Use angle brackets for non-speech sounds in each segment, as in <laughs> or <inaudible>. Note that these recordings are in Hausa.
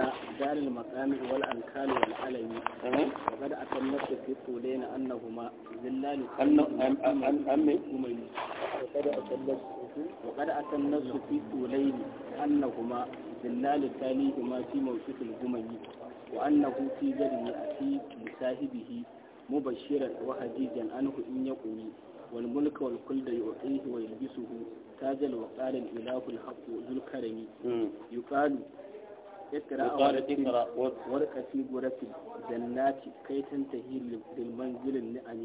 da dalil matsami wal an kalu wal alayi ga da akan nasu fi tsole na annahuma zillali annahuma umayni wa kada akan nasu fi tsole ne annahuma zillali talihi ma fi mawsifin umayni wa annahu fi gari a fi musahibihi anhu in ya kuni wal mulk wal kul da yu'tihi wa yalbisuhu tajal wa qala al ilahu al haqq zul karimi yuqalu وقال اقرأ ورك في غرف جنات كي تنتهي للمنزل النعم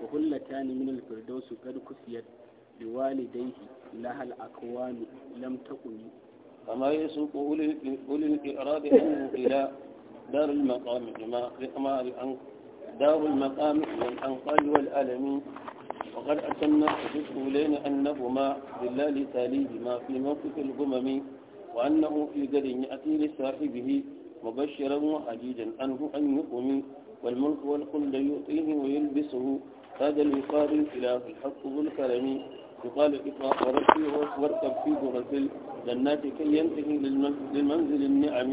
وهلتان من الفردوس قد كسيت لوالديه لها الأكوان لم تكن فما يسوق أولي الإعراض انه إلى دار المقام كما دار المقام والأنقاذ والألم وقد أتمنا حديث لنا أنهما لله تاليهما في موقف الهمم وأنه في قد يأتي لصاحبه مبشرا وحجيجا عنه أن يقوم والملك والقل يعطيه ويلبسه هذا الوقار الإله الحق ذو الكرم يقال اقرأ وركي واركب في غرف الجنات كي ينتهي للمنزل النعم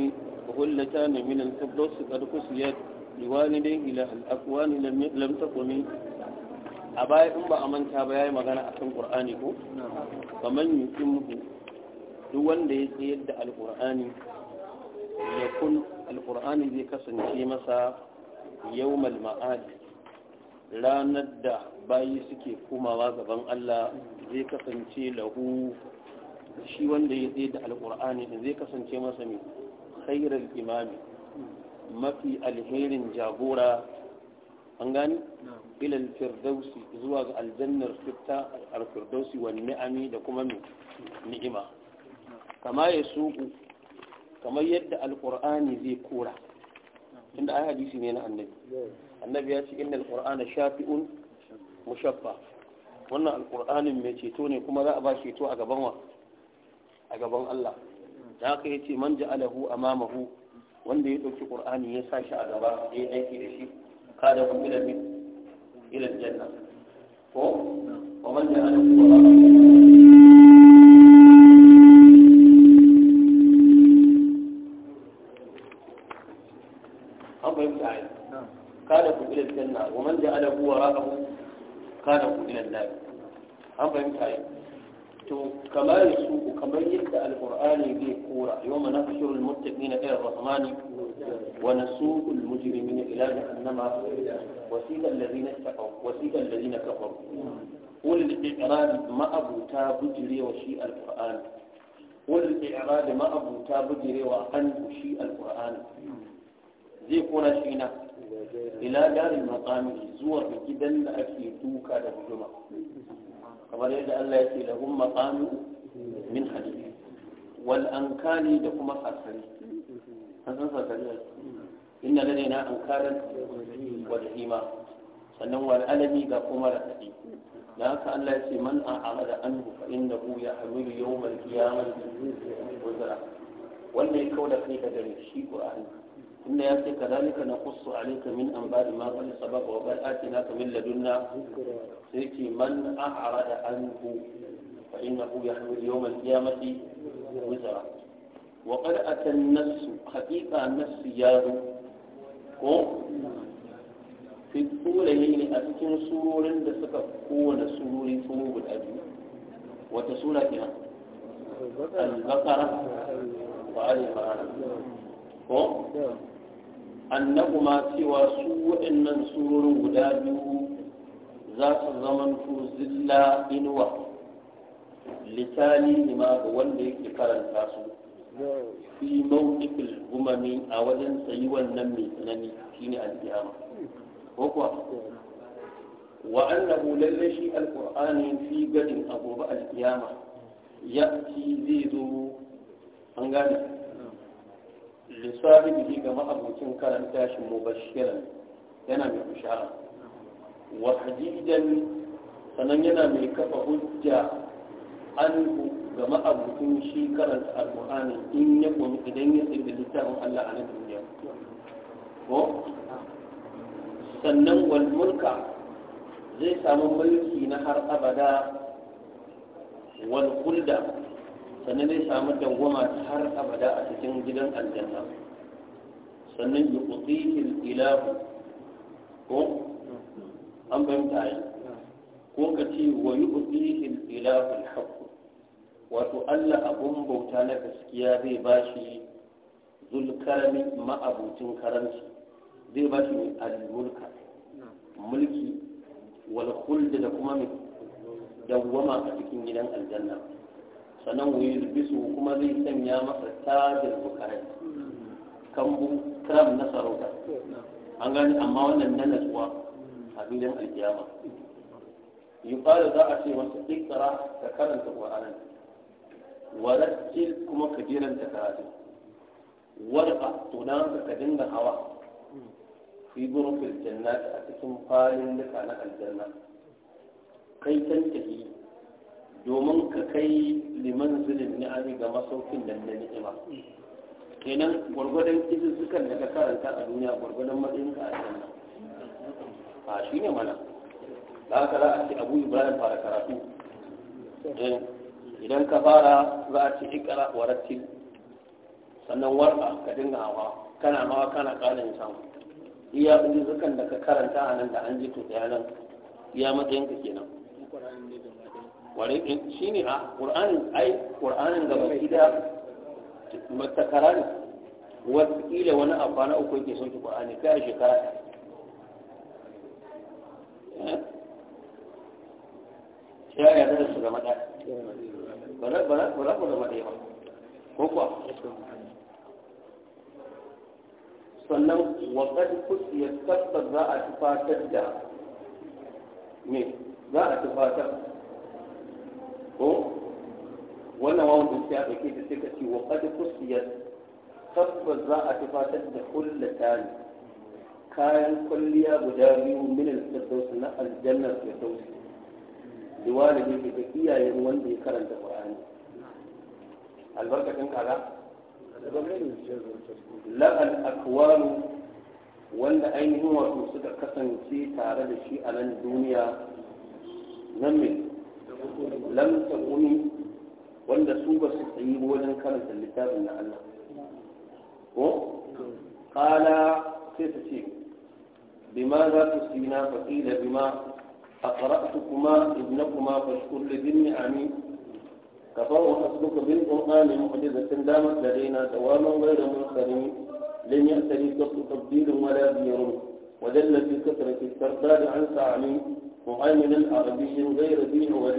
وغلتان من الكبروس قد كسيت لوالديه إلى الأكوان لم لم تقم أبايع أم أمن تابعي مغانا أحسن قرآنكم نعم. فمن يتمه duk wanda ya tsayar da alƙur'ani ya kun alƙur'ani zai kasance masa yawmal ma'adi ranar da bayi suke komawa gaban Allah zai kasance lahu shi wanda ya tsaye da alkur'ani zai kasance masa mai khairar imami mafi alherin jagora an gani ilal firdausi zuwa ga aljannar fitta alfirdausi wa ni'ami da kuma ni'ima kama ya suku kamar yadda alkur'ani zai kura inda ayi hadisi ne na annabi annabi ya ce innal qur'ana shafi'un mushaffa wannan alkurani mai ceto ne kuma za a ba ceto a gaban wa a gaban Allah da haka yace man ja'alahu amamahu wanda ya dauki qur'ani ya sa shi a gaba ya aiki da shi kada ku da min ila janna ko wa man ja'alahu amamahu wa man ja'alahu wara'ahu kana hu ila an-nar an fahimta yi to kamar su kamar yadda alqur'ani bai kora yawma nahshuru al-muttaqina ila ar-rahmani wa nasuqu al-mujrimina ila jahannama wasiqa alladhina ittaqaw wasiqa alladhina kafaru da al-i'rad ma abuta bujri wa shi al-qur'an qul al-i'rad ma abuta bujri wa an shi al-qur'an zai kora shi na ila darin maqami zuwa ga gidan da ake duka da guduma kamar yadda Allah ya ce lahum maqami min hadid wal ankani da kuma sasari an san sasari inna ladaina ankaran wal hima sannan wal alami ga kuma rasadi da haka Allah ya ce man a'arada anhu fa innahu ya'malu yawmal qiyamati wazra wannan ya kauda kai ka gare shi Qur'ani إن يأتي كذلك نقص عليك من أنباء ما قد سبق وقد آتيناك من لدنا سيتي من أعرض عنه فإنه يحمل يوم القيامة وزرا وقد أتى النفس حقيقة النفس يارو في الطولين أتكن سرور لسك كون سرور ثوب الأجل وتسولك البقرة وعلي عمران ko annabu cewa su waɗannan surorin guda biyu za su zaman zilla inuwa litali ne ma ga wanda yake karanta su fi mawqifil gumami a wajen tsayi wannan mai tsanani shine al-qiyama ko kuwa wa annahu lalle shi al-qur'ani fi gadin ba al-qiyama ci zai zo an gane lissahibihi ga ma'abucin karanta shi mubashiran yana mai bishara wa hadidan sannan yana mai kafa hujja anhu ga ma'abucin shi karanta alƙur'ani in idan ya tsaye Allah sannan wal mulka zai samu mulki na har abada wal kulda sannan zai samu dangoma ta har abada a cikin gidan aljanna sannan yi kutsihil ilahu ko an fahimta yi ko ka ce wa yi kutsihil ilahu alhaku wato allah abun bauta na gaskiya zai ba shi zulkarami ma'abucin karanci zai ba shi mai mulki wal da kuma mai dangoma a cikin gidan aljanna sannan wuyi bisu kuma zai sanya masa tajin bukarai kambu kram na sarauta an gani amma wannan na natsuwa a filin alkiyama yuqalu za a ce masa ikra ka karanta ƙwararren wa kuma ka jiranta karatu warka to dan ka dinga hawa fi gurfil jannati a cikin falin duka na aljanna kai tantahi domin ka kai liman zilin ni'ami ga masaukin da na ni'ima kenan gwargwadon izin sukan da ka karanta a duniya gwargwadon matsayin ka a janna a shi ne mana da haka za a ce abu ibrahim fara karatu eh, idan ka fara za a ce ikara wa sannan warka ka dinga hawa kana mawa kana ƙarin sam iya izin zukan da ka karanta a nan da an ji to nan iya matsayin ka kenan ولكن شيني قران اي قران دمكيدا متكرر وثقيله وانا ابانا اكو يجي سوت قران كاي شكرا يا يا هو سنن وقد قد يتكثر ذا wannan wawan din sai a ɗauke ta sai ka ce wa qad kusiyat tabbas za a tufatar da kullatan kayan kwalliya guda biyu min al-firdaus na aljannar firdaus liwalidi ke ga iyayen wanda ya karanta qur'ani albarkacin kaza la'al akwanu wanda ainihin wato suka kasance tare da shi a nan duniya nan mai lam takuni wanda su ba su tsayi wajen karanta littafin na Allah ko Kala sai ta ce bima za ku sina fa qila bima aqra'tukuma ibnakuma fashkur li bin ni'ami كفروا حسبك بالقرآن معجزة دامت لدينا دواما غير منخرم لم يأتني قط تبديل ولا دير وجل في كثرة الترداد an سعمي معاملا عربيا غير ذي عوض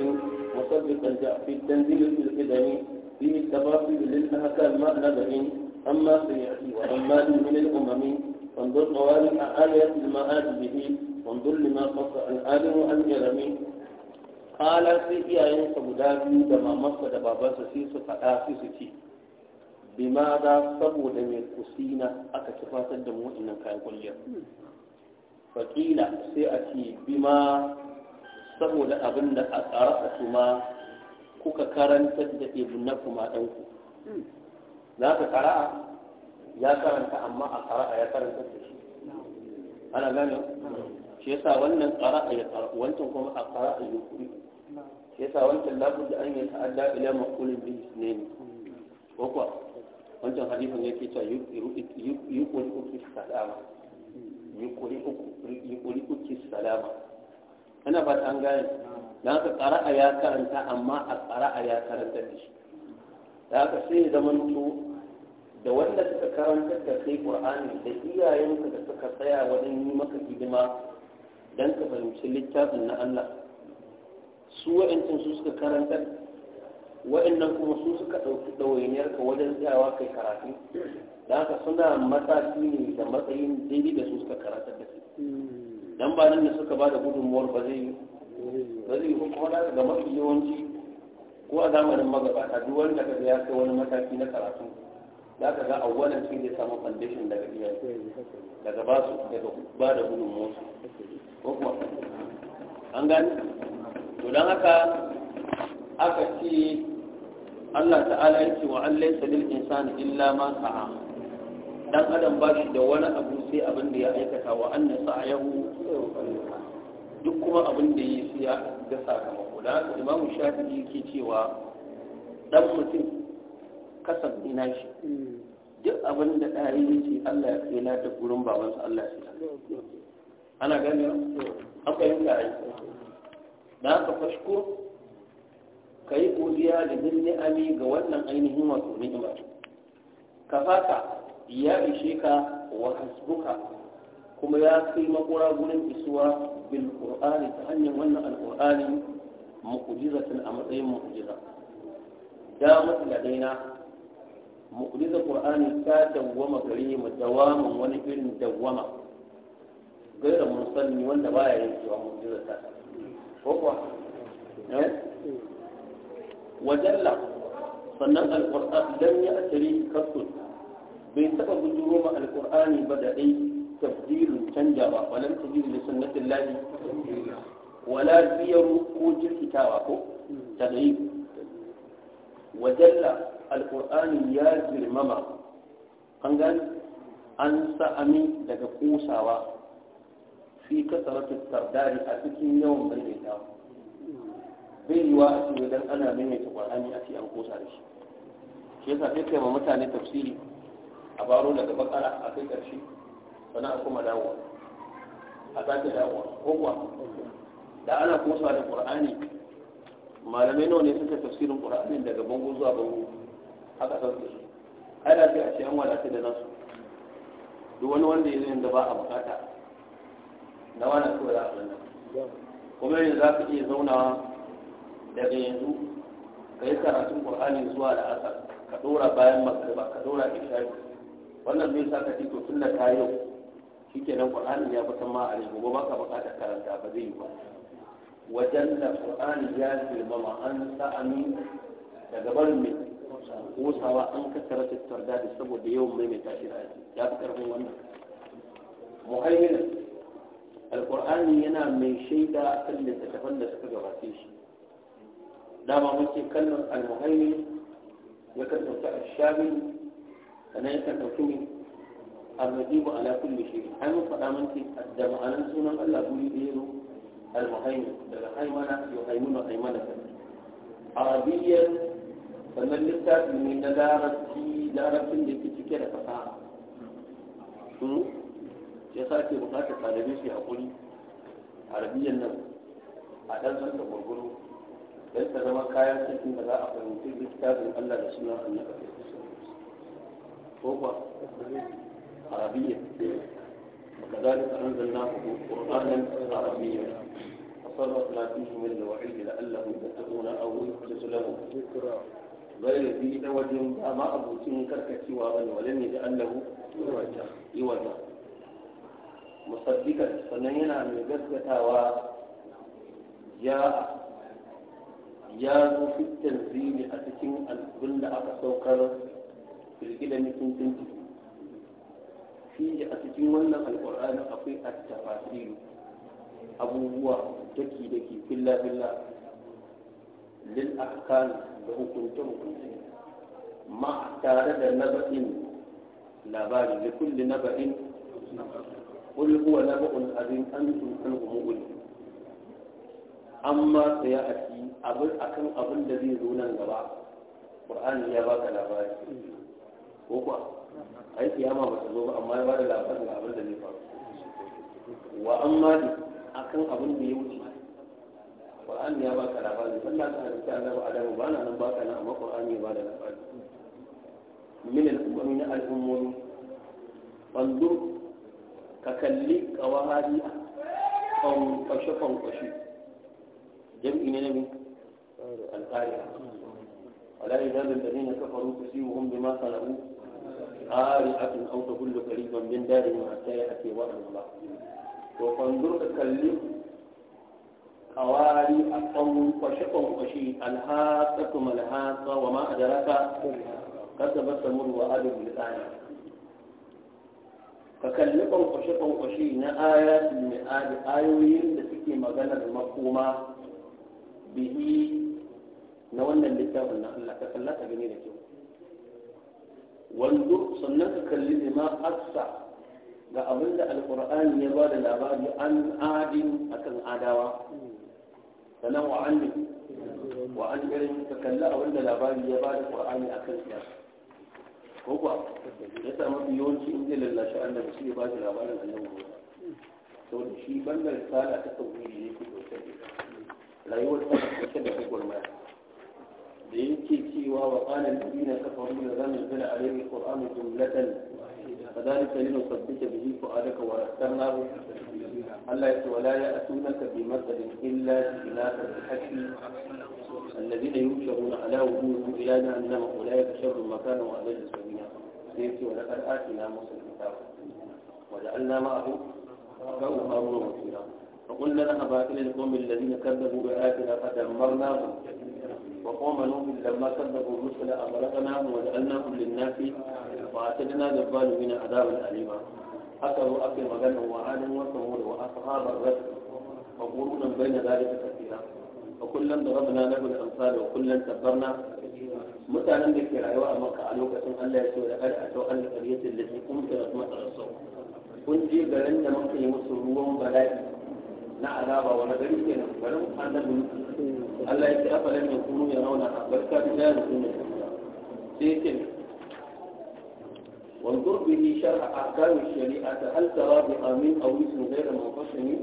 مصدقا في التنزيل القدمي فيه التفاصيل للاحكام مع نبع اما سياتي واما من الامم فانظر قوارن آية المآد به وانظر لما قص العالم عن يرمي قال sai iyayensa guda biyu da mamarsa da babansa sai su faɗa su su ci bima za saboda mai kusina aka kifatar da mu wa'innan kayan kwalliyar faƙila sai a ce bima saboda abin da a tsarasa kuma kuka karanta da ibna kuma ɗanku za ka kara'a ya karanta amma a kara'a ya karanta da shi ana gane shi yasa wannan kara'a ya kara'a wancan kuma a kara'a ya kuri shi yasa wancan labu da an yi ta'adda ila makulin bin ne ne ko kuwa wancan hadifin yake cewa yi kuri kuri kuri kuri yuquri uki salama ana ba ta gane dan haka qara'a ya karanta amma a qara'a ya karanta da shi da haka sai ya zamanto da wanda suka karanta da kai qur'ani da iyayenka da suka tsaya wajen yi maka hidima don ka fahimci littafin na Allah su wa'ancin su suka karanta wa'annan kuma su suka ɗauki ɗawainiyar ka wajen tsayawa kai karatu da haka suna mataki ne da matsayin daidai da su suka karanta da su dan ba nan da suka ba da gudunmuwar ba zai ba zai yi kuma da ga mafi yawanci ko a zamanin magabata duk wanda ka ya kai wani mataki na karatu za ka ga awwalan shi zai samu foundation daga iyaye daga ba su daga ba da gudunmuwar ko kuma an gani to don haka aka ce Allah ta'ala yake wa allai lil insani illa ma sa'a dan adam ba shi da wani abu sai abin da ya aikata wa anna sa'ayahu duk kuma abin da yi sai ya ga sakamako da imamu shafi'i yake cewa dan mutum kasan ina shi duk abin da dare yake Allah ya kaina ta gurin babansa Allah ya ana gani akwai yin da da haka fashko ka yi godiya da bin ni'ami ga wannan ainihin wato ni'ima ka fata ya ishe ka wa hasbuka kuma ya kai makura gurin isuwa bil qur'ani ta hanyar wannan alqur'ani mu'jizatan a matsayin mu'jiza da mutladaina mu'jiza qur'ani ta dawwama gare mu dawamin wani irin dawwama gaira mun sani wanda baya yin cewa mu'jiza ko kuwa eh wajalla sannan alƙur'an don ya asiri kasu bai taɓa bujuro ma alƙur'ani ba da ɗai tafsirin canja ba walam tajiru li sunnatin lahi wala biyaru ko jirkitawa ko tadayi wajalla alƙur'ani ya girmama an gani an sa'ami daga kusawa fi kasarar tattardari a cikin yawan maimaitawa yi wa a cikin dan ana maimaita qur'ani a cikin an kosa da shi shi yasa sai kai ma mutane tafsiri a baro daga bakara a kai ƙarshe. sannan a kuma dawo a sake dawo ko kuwa da ana kosa da qur'ani malamai nawa ne suka tafsirin qur'anin daga bango zuwa bango haka sauke shi ai da sai a ce an wadata da nasu duk wani wanda ya zai da ba a bukata na wani kawai da a kuma yanzu za ka iya zaunawa daga yanzu ka yi karatun qur'ani zuwa da asar ka ɗora bayan magriba ka ɗora ishari, wannan zai sa ka ji to tunda ka yau shikenan qur'ani ya fitan ma a ne gobe baka bukatar karanta ba zai yi ba wajen da qur'ani ya girmama an sa sa'ani daga barin mai kosawa an kasara tattar da saboda yawan mai maimaita shi da ya fi karfin wannan muhaiminin alkur'ani yana mai shaida kan littattafan da suka gabace shi dama muke kallon almuhaimi ya kan ɗauki ashabi sannan ya kan ɗauki ne almujibu ala kulli shi an yi faɗa manci da ma'anar sunan allah guri da yaro almuhaimi daga haimana yau haimuna haimana arabiyyar sannan littafi ne na larabci larabcin da ke cike da fasaha ya sa ke bukatar ɗalibai shi a kuri arabiyyar nan a ɗan sanda gwargwaro sai ta zama kayan cikin da za a fahimci littafin Allah da suna annaba da su ko ba arabiya ba ka zaɗi a ran zanna ku ko ƙoƙarin arabiya a sarrafa tsanafin shi mai da wa'in da Allah mun ta tabo na awo da su lamu zai da biyu na wajen ma abokin karkacewa ba ne wajen ne da Allah yi wata musaddikan sannan yana mai gaskatawa ya ya zo fitar zini a cikin alƙulun da aka saukar firgida mutum tuntu shi a cikin wannan alƙur'anin akwai attafasiru abubuwa daki daki filla filla lil ahkam da hukunta-hukunta. ma tare da naba'in labari da kulli naba'in قل هو نبأ عظيم أنتم عنه مؤمنون an ma tsaya a ci akan abin da zai zo nan gaba ƙur'ani ya baka labari ko kuwa a yi kiyama ba ta zo ba amma ya ba da labarin da abin da zai faru wa an ma akan abin da ya wuce ƙur'ani ya baka labari sallah ta hadisi annabi adamu ba na nan baka nan amma ƙur'ani ya ba da labari min al na al-ummi ka kalli qawahidi a kwashe kwashe جمع نمي القارئة ولا يزال الذين كفروا تصيبهم بما صنعوا قارئة أو تقول قريبا من دارهم حتى يأتي وعد الله وفنظر تكلم قوالي أقوم فشقوا وشيء الهاقة ملهاقة وما أدراك كتب السمر وآل بالآية فكلفوا فشقوا وشيء آيات من آل آيوين لتكي مغنى المفهومة bihi na wannan littafin na Allah ka kalla gani da kyau wando sannan ka kalli da ma aksa ga abin da alkur'ani ya ba da labari an adin akan adawa sannan wa an wa an irin ka kalli abin da labari ya ba da qur'ani akan siyasa ko kuwa ya sa mafi yawanci in zai lallashi annabi shi ya ba da labarin annabi sau da shi bangaren sala ta tauhidi ne ke ɗauke da لا ta kusa da gwagwarmaya da yake cewa wa qala alladhina kafaru la nuzila alayhi qur'anu فذلك لنثبت به فؤادك ورتلناه ألا ولا يأتونك بمثل إلا جئناك بالحق الذين ينكرون على وجوههم إلى أنهم أولئك شر مكانا وأضل سبيلا سيأتي ولقد آتينا موسى الكتاب وجعلنا معه كأمر وكيلا فقلنا لها باكل القوم الذين كذبوا بآياتنا فدمرناهم وقوم نوح لما كذبوا الرسل أغرقناهم وجعلناهم للناس وأعتدنا للظالمين عذابا أليما أكلوا أكل مجنة وعاد وثمود وأصحاب الرسل وقرونا بين ذلك كثيرا وكلا ضربنا له الأمثال وكلا تبرنا mutanen بك ke rayuwa a ألا يسوى lokacin Allah ya التي da kada a كنت an da ƙaryatin da ke na azaba wani gari ke nan garin annabi Allah ya ce afalan ne kunu ya rauna a barka da ya rubu ne sai ce wanzur bihi shar'a ahkam shari'a hal tara bi amin aw ismu ghayra munqashimi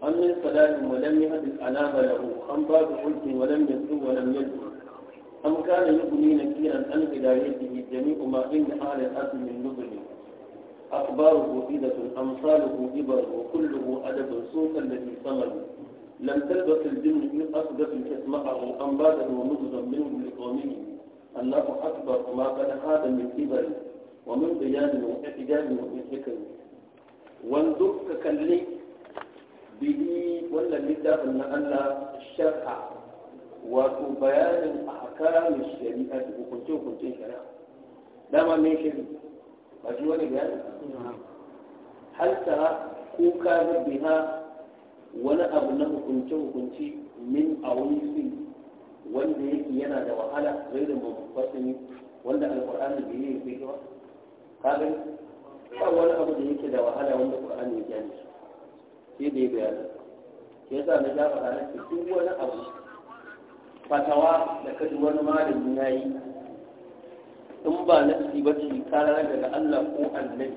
am min salam wa lam yahdi alama anaba lahu An ba bi mulki wa lam yadru wa lam yadru am kana yubni nakiran an bidayatihi jami'u ma inda ahli al-asl min nubli أخباره إذة أمصاله إبره كله أدب سوقا الذي صمد لم تلبس الجن من أصدف كسمعه أنبادا ومزغا منه لقومه الله أكبر ما قد هذا من إبر ومن بيان وإعجاب ومن حكم وانظر ككلي به ولا لدى أن الله الشرع بيان أحكام الشريعة وكنت وكنت شرع دام من شريعة ba shi wani bayani hal tara ko ka ga biha wani abu na hukunce hukunci min a wani wanda yake yana da wahala gairin mafasani wanda alƙur'ani bai yi yake ba ka gani ba wani abu da yake da wahala wanda ƙur'ani ya gani sai da ya bayani sai sa na ja faɗa na duk wani abu fatawa da kaji wani malami ya yi in ba nasi ba ce kara daga Allah ko annabi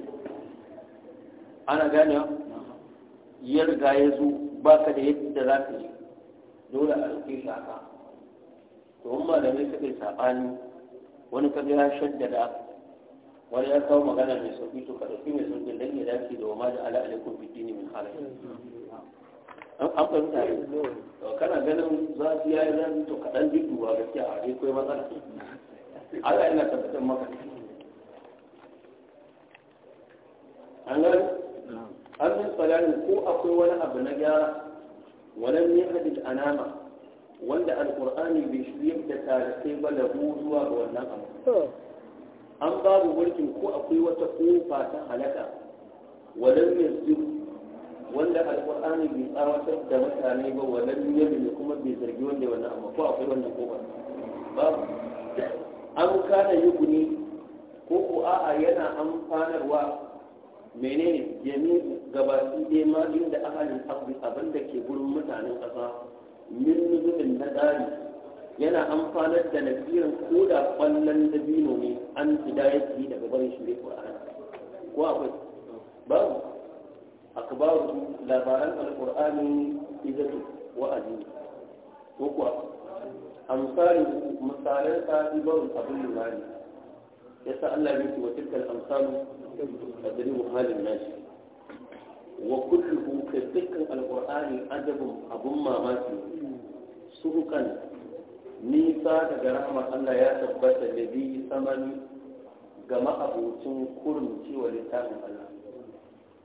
ana gane ya riga ya zo ba ka da yadda za ka yi dole a ɗauke shaka. haka to in malamai suka yi saɓani wani kaga ya shaddada wani ya kawo magana mai sauƙi to ka ɗauki mai sauƙi don ya dace da wa ma da ala alaikum biddini min halayen an fahimta ne kana ganin za su yayi zan to kaɗan jidduwa gaskiya a kai matsala Allah yana tabbatar maka an gani an min salatin ko akwai wani abu na gyara walan yahdid anama wanda alqur'ani bai shirye da tarihi ba lahu zuwa ga wannan abu an babu mulkin ko akwai wata kofa ta halaka mai yazid wanda alqur'ani bai tsawatar da mutane ba walan yabi kuma bai zargi wanda wannan amma ko akwai wannan kofa babu an kada yuguni ko ko a'a yana amfanarwa menene jami gabaki ɗaya ma inda ahalin abu abin da ke gurin mutanen ƙasa min nuzumin na ɗari yana amfanar da nasirin ko da bino dabino ne an hidayat yi daga barin shi Qur'an ko akwai babu akbaru labaran Alkur'ani izatu wa'azi ko kuwa amsari misalan sadi barin abin limani ya sa Allah ya ce wa tilkal amsalu tadribu halin nasi wa kulluhu ka dukkan alqur'ani adabun abun mamaki suhukan nisa daga rahama Allah ya tabbata da bi samani ga ma'abocin kurin cewa littafin Allah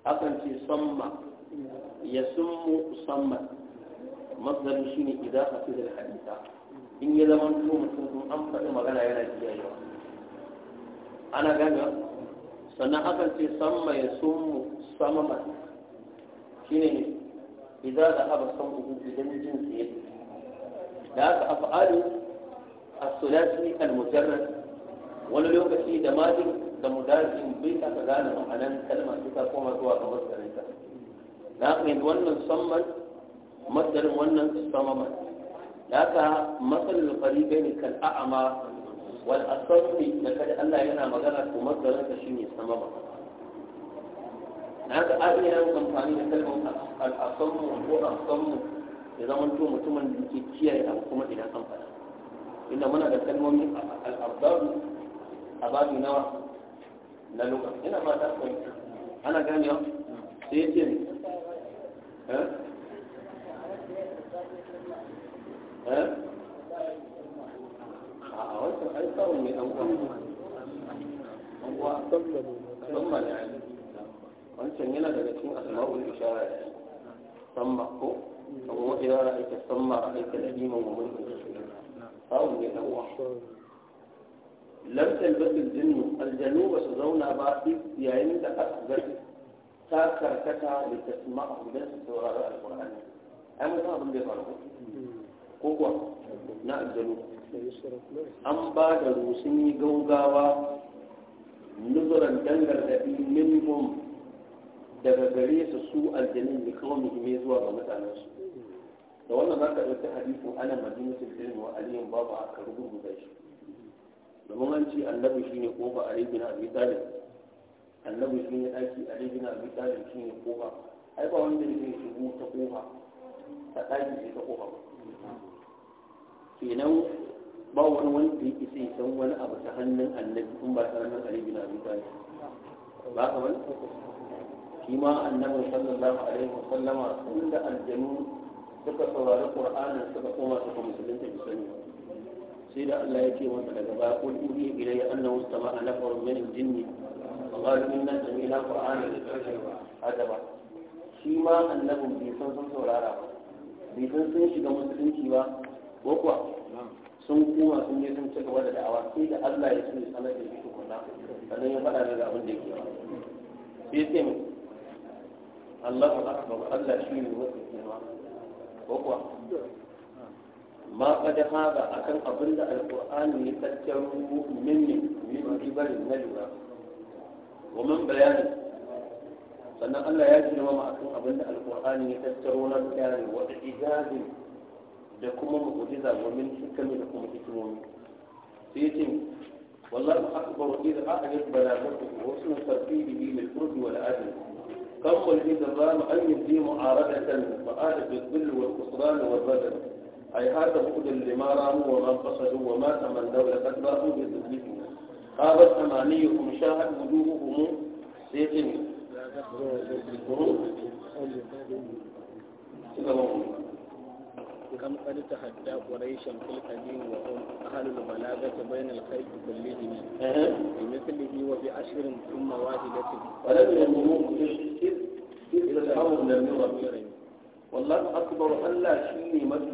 akan ce samma ya summu samma idan shine fi da hadith in ya zama to mutum kun an faɗi magana yana kiyayewa ana gaga sannan akan ce san mai sumu sama mai ne idan da haɓa san uku idan jin tsaye da aka af'alu as-sulasi al-mujarrad wani lokaci da madin da mudarin bai aka gane ma'anan su ta koma zuwa ga masdarinta da haka yanzu wannan samman masdarin wannan samaman haka matsalar faribai ne kan a'ama wal asarri da kada Allah yana magana to matsalar ka shine sama ba haka an yi amfani da kalmar al'asammu ko asammu ya zama to mutumin da ke kiyaye abu kuma idan an faɗa inda muna da kalmomin al'abdaru a babu nawa na lokacin ina ba ta ana ganewa sai ya ce ne ها أكثر من أول هو ثم يعني wancan yana daga cikin asma'ul ishara ne samma ko kuma idan ra'aita samma ra'aita da iman wa mulkin rasulun sawun ne dan uwa lam talbasul jinnu aljanu ba su zauna ba yayin da asbar ta karkata da tasma'u da su saurari alqur'ani ai mun san abin da ya faru ko kuwa na aljanu an ba da rusun yi gaugawa nuzuran dangardaɗi minhum daga gare su su aljanin da kawo muhimmai zuwa ga mutanensu da wannan za ka ɗauki hadisin ana madinatul ilmi wa aliyun babu aka rubuta shi domin an ce annabi ne kofa a ali bin abi talib annabi shine a ali bin abi talib ne kofa ai ba wanda yake shigo ta kofa ta daki ta kofa ba. kenan ba wani wanda yake isa isan wani abu ta hannun annabi in ba ta hannun ali bin abi talib ba ka wani shi ma annabi sallallahu alaihi wasallama tun da aljanu suka saurari qur'anin suka koma suka musulunta bi sani sai da Allah ya ce masa daga baya qul inni ilayya annahu sama'a nafarun min al-jinni qalu inna sami'na qur'anan adaba shi ma annabin bai san sun saurara ba bai san sun shiga musulunci ba ko sun koma sun yi sun ci gaba da da'awa sai da Allah ya sun sanar da shi kuma sannan ya faɗa daga abin da yake ba sai sai mu Allahu akbar Allah shi ne wata kuma ko kuwa ma qad haka akan abin da alqur'ani ya tattaro minni min na lura wa man bayanin sannan Allah ya ji nama akan abin da alqur'ani ya tattaro na bayani wa ijazin da kuma mu'jiza domin hikami da kuma hikimomi sai yace wallahu akbar idza a'jaz balagatu wa husnu tartibihi lil furd wal adl كم الجدران أن يبدي معارضة فآل بالذل والخسران والبدل أي هذا بؤد لما راموا وما قصدوا وما تمنوا لقد راموا بذلهم خابت أمانيكم شاهد وجوههم سيقين كم قد تحدى قريشا في القديم وهم أهل البلاغة بين الخير كلهم بمثله وبعشر ثم واحدة ولم يهموك إذ إذ الحول لم يرمي والله أكبر ألا شيء ما في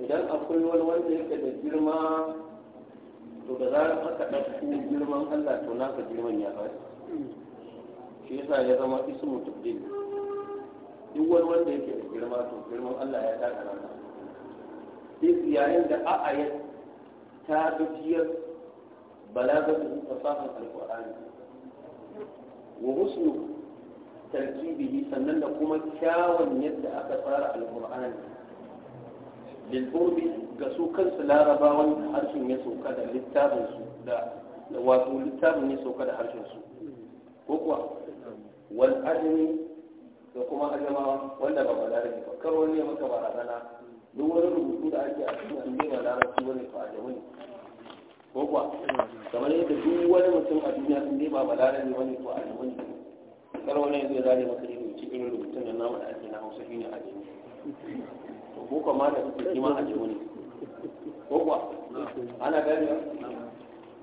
إذا أقول والوالد هيك wanda yake da girma to ألا تناقض aka يا أخي Allah to naka اسمه ya duk wani wanda yake da girma to girman Allah ya taka rana duk yayin da a'ayat ta gajiyar balagatu fasahar alqur'ani wa husnu tarkibihi sannan da kuma kyawun yadda aka tsara alqur'ani lilburbi ga su kansu larabawan da harshen ya sauka da littafin su da wato littafin ya sauka da harshen su ko kuwa wal adami da kuma ajamawa wanda ba ne ba kar wani ya maka barazana duk wani rubutu da ake a cikin an ba larabci wani to ajamu ne ko kuwa kamar yadda duk wani mutum a duniya sun dai ba ne wani to ajamu ne kar wani ya zai zare maka ne wuce irin rubutun da namu da ake na hausa a ajamu to ko kuma da kuke kima ajamu ne ko kuwa ana gani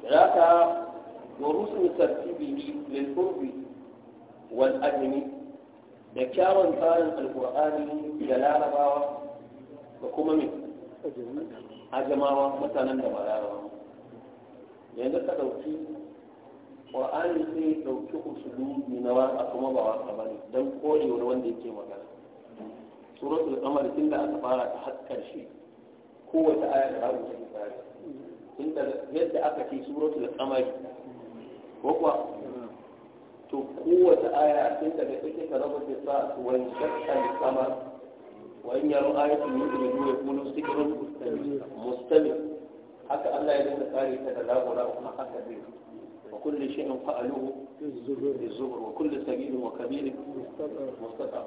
da haka ورسم ترتيبه للقرب والأدم da kyawun tsarin alkur'ani da larabawa da kuma mai hajjamawa mutanen da ba larabawa yanzu ka ɗauki ƙwa'ani sai ɗauki usulubi na a kuma ba waka ba ne don korewar wanda yake magana suratul qamar tun da aka fara ta har shi kowace aya da babu shi tsari yadda aka ce suratul qamar ko kuwa to kowace aya sai daga ita ta rabu da sa wani shakkan sama wani yaro ayatun yi da duwe kunu sikirin mustamil haka Allah ya dinga tsari ta da labura kuma haka zai وكل شيء فعلوه للزبر وكل سبيل وكبير مستطع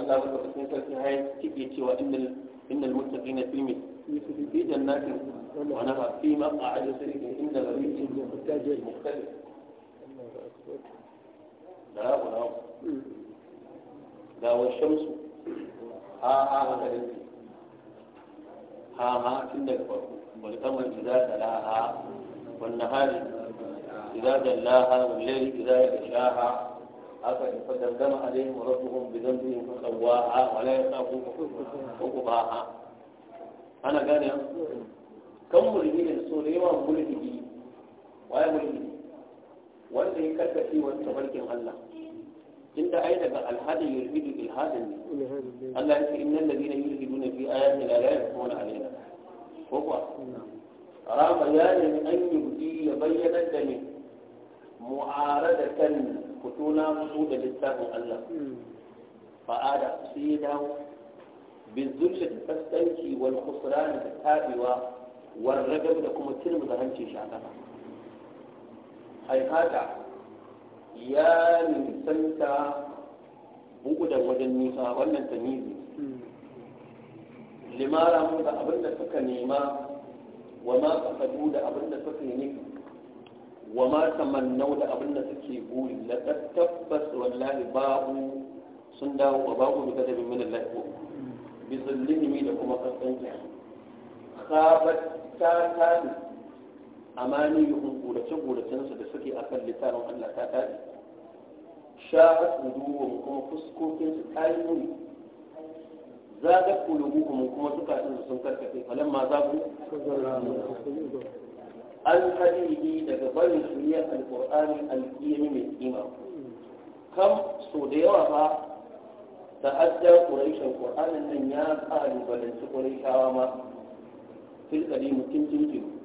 الله سبحانه وتعالى في هاي تيجي وان ان المتقين في في جنات ونهر في مقعد سرير عند غريب مختلف da rabu rabu da washen su ha ha haka da su ha ha tun daga farko bal kamar idza talaha wan nahari idza dallaha wal layli idza yaghshaha haka in fadaddama alaihim rabbuhum bi dhanbihim fa sawaha wa la yaqafu ha? ana gane kan mulki da so da yawan mulki waye mulki wanda ya karkace wa tabarkin Allah inda ai daga alhadi yurhidu ilhadin ne Allah ya ce innal ladina yurhiduna fi ayati la yaquluna alaina ko kuwa ara bayanin an yubdi ya bayyana da ne mu'aradatan kutuna musu da littafin Allah hmm. fa'ada sai ya dawo bizulshi da kaskanci wal khusran da tabewa wal ragab da kuma tilmu da hanci shi a haifata ya nisanta bugu da wajen nisa wannan tamizi limara mu da abin da suka nema wa ma kasadu da abin da suka yi wa ma tamannau da abin da suke buri la tabbas wallahi babu sun dawo wa babu da kadabin min Allah ko bi da kuma kasanci khabat ta ta amani yuhum gurace-guracensu da suke akan littafin Allah ta tafi sha'at wuduhum kuma fuskokinsu ta yi nuni zagat qulubuhum kuma zukatansu sun karkace ma falamma zagu an hadihi daga barin shirya alqur'ani alqiyami mai kima kam so da yawa ba da ta'adda quraish alqur'anin nan ya kalubalanci quraishawa ma fil qadim tintin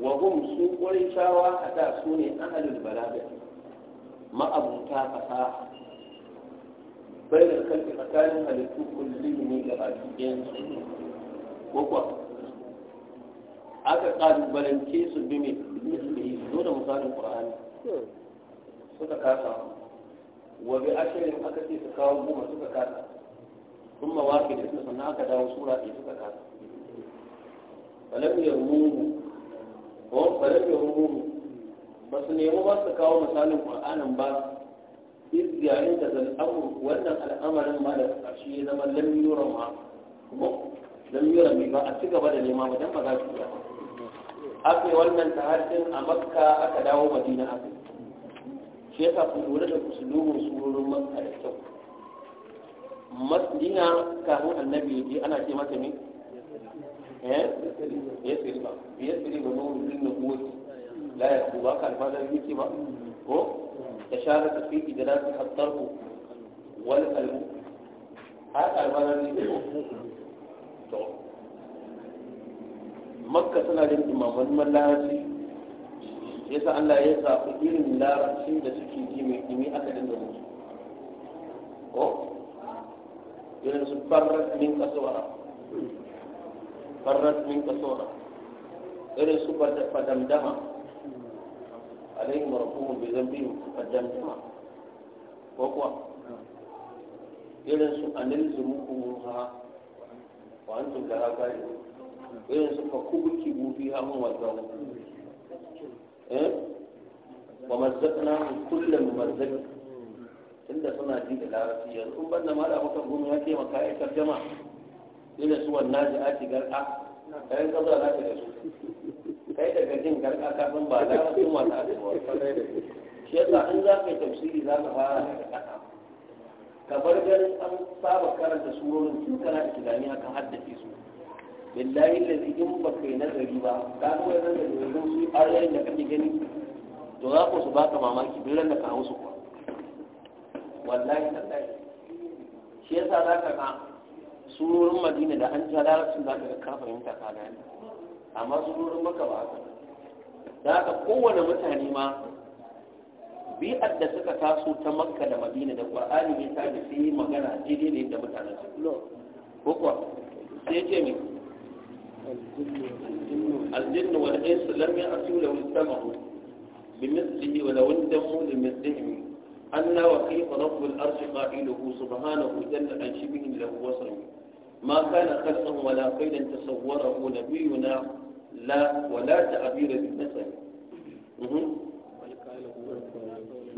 wa hum su qurayshawa a da su ne ahlul balagati ma'abuta fasaha bayan kalbi tsakanin halittu kullum ne da bakiyan su ko kuwa aka kalubalance su bi mai misali zo da misalin qur'ani suka kasa wa bi ashirin aka ce su kawo goma suka kasa kuma wafi da su sannan aka dawo sura ɗaya suka kasa falam yarmuhu ko bare da rubu ba su nemi ba su kawo misalin qur'anin ba yayin da zal'amu wannan al'amarin ma da ƙarshe ya zama lam yura ma kuma lam yura mi ba a ci gaba da nema ba dan ba za su ba aka yi wannan tahajjin a makka aka dawo madina aka shi sa ku lura da musulmin surorin makka da kyau madina kafin annabi ya je ana ce mata ne yasiri ba yasiri ba nuru din nubuwati la ya ku ba ka alfada yake ba ko ta share tasharaka fi idraki hattarhu wal qalbu haka alfada yake to makka suna da imaman mallaci yasa Allah ya zafi irin larabcin da suke ji mai dimi aka dinga musu ko irin su farar min kasuwa farrat min kasora irin su fadamdama alaihim rabbuhum bi dhanbihim fadamdama ko kuwa irin su ha wa antum laha ghalibun irin su fa kubuki bufi hamun wazan eh wa mazzaqna kullu mazzaq tunda suna ji da larabci yanzu in mala mutum gumi yake maka ya jama'a? irin su wannan ji ake garka kayan kaza za ka da su kai daga jin garka kafin ba za ka kuma ta da shi yasa in za ka yi tafsiri za ka fara daga kasa kamar ganin an saba karanta surorin tun kana tunani akan haddace su billahi lazi in ba kai nazari ba ka kuma da wajen su ayoyin da kake gani to za ku su baka mamaki biran da ka hausu kuwa wallahi tallahi shi yasa za ka ka surorin madina da an ja larabcin za ka ga ka fahimta ka amma surorin maka ba haka da haka kowane mutane ma bi'ar da suka taso ta makka da madina da qur'ani ne ta sai magana daidai ne da mutanen su ko sai ya ce mai الجن والإنس لم يأتوا لو اجتمعوا بمثله ولو انتموا لمثلهم أن وكيف رب الأرش قائله سبحانه جل عن له وصله ما كان خلقا ولا قيدا تصوره نبينا لا ولا تعبير بالمثل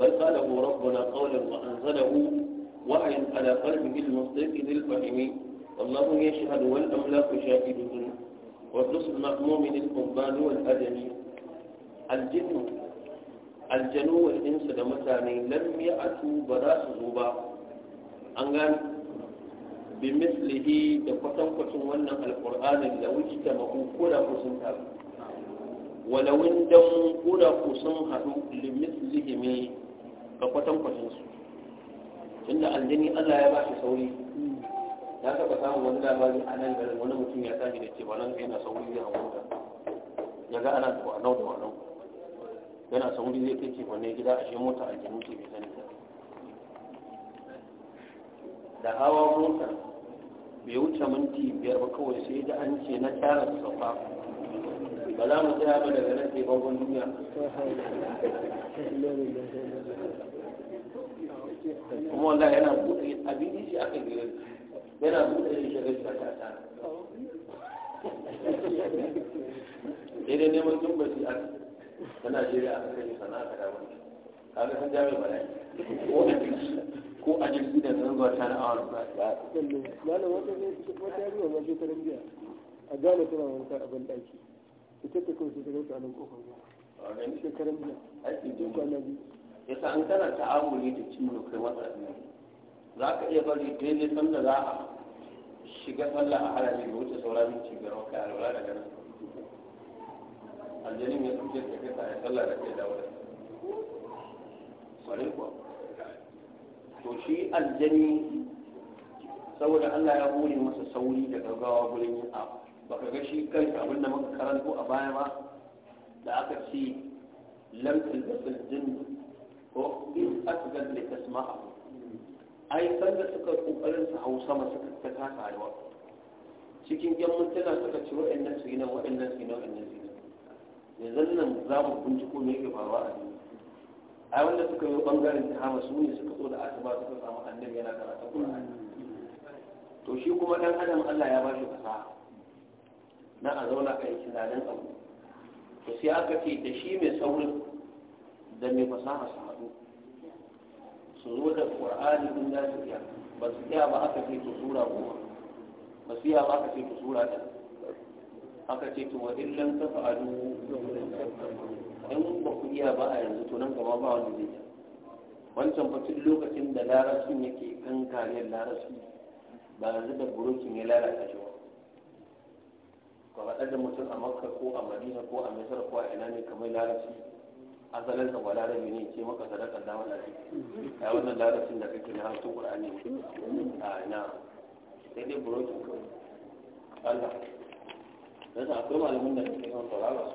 بل قاله ربنا قولا وأنزله وعي على قلبه المصدق للفهم والله يشهد والأملاك شاهده والرسل المأموم القربان والأدمي الجن الجنو والإنس لمتاني لم يأتوا براس زوبا قال bimislihi da kwatankwacin wannan alƙur'anin da wuce da mahukuda ko sun taru walawin dan kuda ko sun haɗu limislihi mai ka kwatankwacin su tunda aljini Allah ya ba shi sauri ya taɓa samun wani labari a nan garin wani mutum ya tashi da ce ba nan yana sauri zai hankuta ya ga ana da wanau da wannan yana sauri zai kai ce ne gida a shi mota aljini ce mai sani da hawa mota bai wuce minti biyar ba kawai sai da an ce na tsara sauka ba za mu tsaya ba daga nan sai bangon duniya kuma wanda yana buɗe abin shi aka gire yana buɗe shi shiga ta aka daidai neman tumbaci a ta najeriya aka kai sana'a ta damar kaga san jami'a bala'i ko a jirgi ko a jirgi da zan zuwa ta na awar ba malam wata ne wata yariwa ma shekaran biya a gane tana wanka a ban daki ita ta kawai shekaran ta nan kofar ba shekaran biya aiki da kwana biyu yasa an ta ta'amuli da ciwo kai matsala za ka iya bari daidai da za a shiga sallah a halaye da wuce sauraron cigaro kai alwala daga nan aljanin ya tuke ka kai sallah da kai da wadanda to shi aljani saboda Allah ya hore masa sauri da gaggawa gurin yin abu baka ga shi kanka abin da muka karanto a baya ba da aka ce lam talbasul jinn ko in asgal li tasma'a ai sanda suka kokarin su hausa masu suka ta kasa yawa cikin yan mutuna suka ci wa'annan su yi nan wa'annan su yi nan wa'annan su yi nan yanzu nan za mu binciko me ke faruwa a duniya ai wanda suka yi bangaren sahaba su ne suka zo da asuba suka samu annabi yana karatun Qur'ani to shi kuma dan adam Allah ya bashi fasaha na a zauna a yi tunanin abu to sai aka ce da shi mai saurin da mai fasaha su haɗu su zo da Qur'ani din da su iya ba su iya ba aka ce to sura goma ba su iya ba aka ce to sura ɗaya aka ce to in lam tafa'alu in ba ku iya ba a yanzu to nan gaba ba Wani zai wancan fatin lokacin da larasun yake kan kariyar larasun ba yanzu da burokin ya lalata shi ba faɗa da mutum a makka ko a madina ko a misar ko a ina ne kamar larabci asalin sa ba larabi ne ce maka sadakar damar da a wannan Larasun da kake na harsun ƙur'ani a ina sai dai burokin kawai Allah dan sa akwai malamin da suke yawan saurara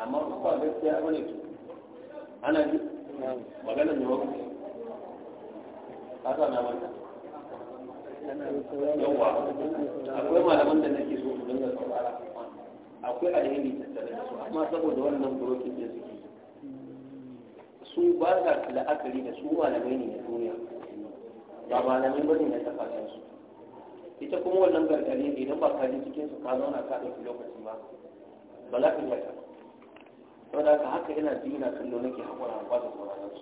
amma ko ba gaskiya bane to ana ji magana ne wani haka na manta yawa akwai malaman da nake so su dinga saurara akwai alheri tattare da su amma saboda wannan burokin da suke su ba sa la'akari da su malamai ne na duniya ba malamai ba ne na tafashin su ita kuma wannan gargaɗi idan ba ka ji cikin su ka zauna ka ɗauki lokaci ba ba za ka iya saboda haka haka dina ji ina kallo nake haƙura ba da sauraron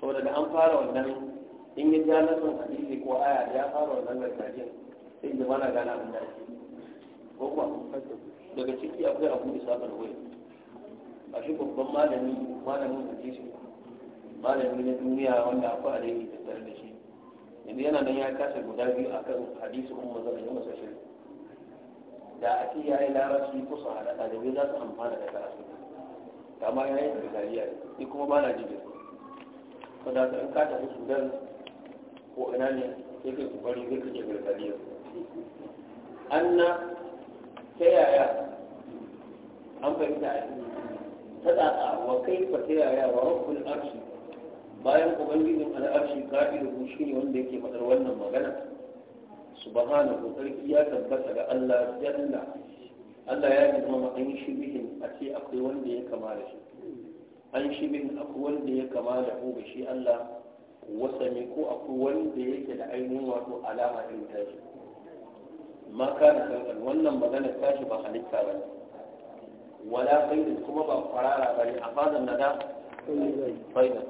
saboda da an fara wannan in ya ja nasan hadisi ko aya ya fara wannan gargajiyar sai da mana gana abin da ake ko kuwa daga ciki akwai abu isa barwai a shi babban malami malamin hadisi malami na duniya wanda akwai alaihi da tare da shi yanzu yana nan ya kasa guda biyu a kan hadisi umma zan yi masa shirin da ake yayi larabci kusa a da ɗalibai za su amfana da karatu amma ya yi daga dariya ni kuma ba na jibin ko da ka ta su dan ko ina ne sai kai bari zai kake daga dariya anna ta yaya an fahimta a ta tsatsa wa kai fa ta yaya wa rabbul arshi bayan ubangijin al'arshi da shi ne wanda yake faɗar wannan magana subhanahu sarki ya tabbata ga Allah jalla Allah ya yi zama an shi bihin a ce akwai wanda ya kama da shi an shi bihin akwai wanda ya kama da ko ga shi Allah wasani ko akwai wanda yake da ainihin wato alama irin shi. ma da kankan wannan magana tashi ba halitta ba wala faida kuma ba farara ba ne a fadar nada faida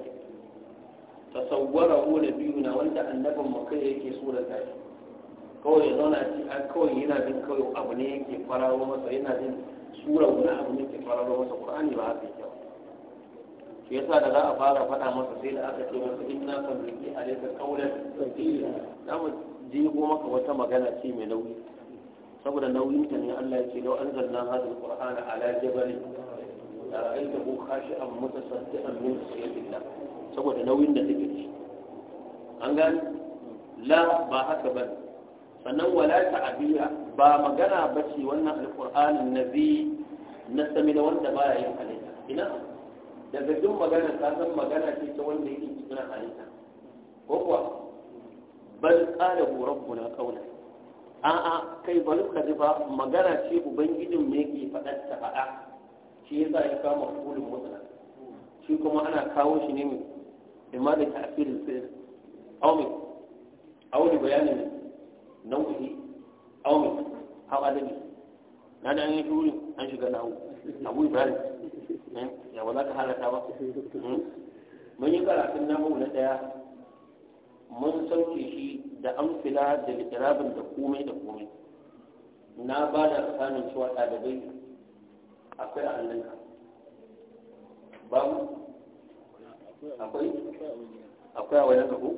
tasawwara ko da biyu na wanda annabin makai yake da shi kawai ya zauna a kawai yana jin kawai abu ne yake fararo masa yana jin sura wani abu ne yake fararo masa qur'ani ba haka yake shi yasa da za a fara faɗa masa sai da aka ce masa inna kanzuki alayka qawlan thaqila zamu jigo maka wata magana ce mai nauyi saboda nauyin ta ne Allah yake law anzalna hadha alqur'ana ala jabalin la ra'aytahu khashi'an mutasaddian min khashyatillah saboda nauyin da take ci an gani la ba haka bane sannan wala ta'abira ba magana ba ce wannan alƙur'anin bi na sami da wanda ba yin halitta ina daga duk magana ta san magana ce ta wanda yake cikin halitta ko kuwa bal qala rabbuna qawla a'a kai bal ka ji ba magana ce ubangijin me yake faɗar ta faɗa shi yasa ya kama kulun mutala shi kuma ana kawo shi ne mai imma da ta'firin sirr aw mai aw bayanin nau'i aumi hau adabi na da an yi shuri an shiga nawo abu ibrahim eh, ya ba za ka halata ba hmm. mun yi karatun namu na daya mun sauke shi da amfila da litirabin da komai da komai na ba da tsakanin cewa ɗalibai akwai a hannunka babu akwai akwai a wajen ka ko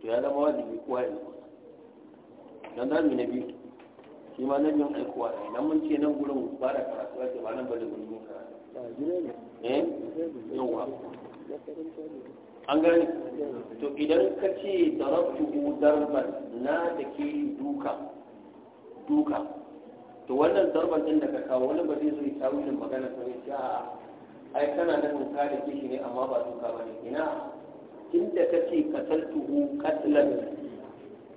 to ya zama wajibi kowa ya dan da na biyu shi ma na biyun aikowa ne nan mun ce nan gurin ba da karatu ake ba nan bari gurin karatu eh yawa an gani to idan ka ce da darban na da ke duka duka to wannan darban din da ka kawo wani ba zai zo ya tawilin magana ta ne ta ai kana mun ka da kishi ne amma ba duka ba ne ina inda ka ce kataltuhu katlan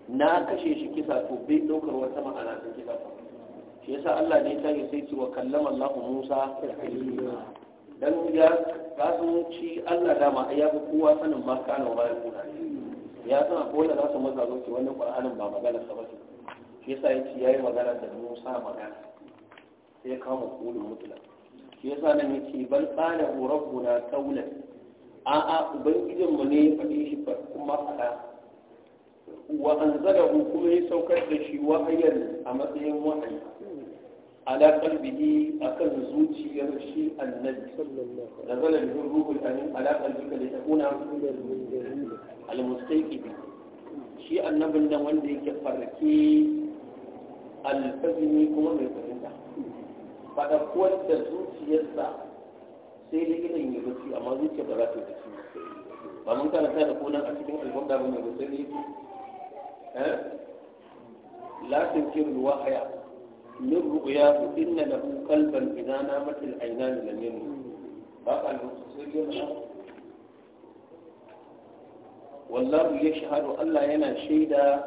na kashe shi kisa to bai ɗaukar wata ma'ana ta kisa ba shi yasa Allah ne ta yi sai ce wa kallama Allah Musa dan ya kasan ci Allah dama ya fi kowa sanin ma kana wa bayan kuna ya san akwai wanda za su maza zo ce wannan Qur'anin ba magana sa ba shi yasa ya ce yayi magana da Musa magana sai ya kama kulun mutula shi yasa nan yake bal qala rabbuna qawlan a'a ubangijinmu ne ya faɗi shi kuma faɗa wa anzalahu kuma ya saukar da shi wahayan a matsayin wahayi ala qalbihi akan zuciyar shi annabi nazala bihi ruhul amin ala qalbika li takuna al mustaqib shi annabin nan wanda yake farke alfazini kuma mai fahimta fadakuwar da zuciyarsa sai da irin yi rufi amma zuciyar ba za ta yi ba mun karanta da kunan a cikin albon da mai bacci لا تنكر الوحي من رؤياه إن له قلبا إذا نامت العينان لم ينم بقى المتصير والله يشهد ألا ينا شيدا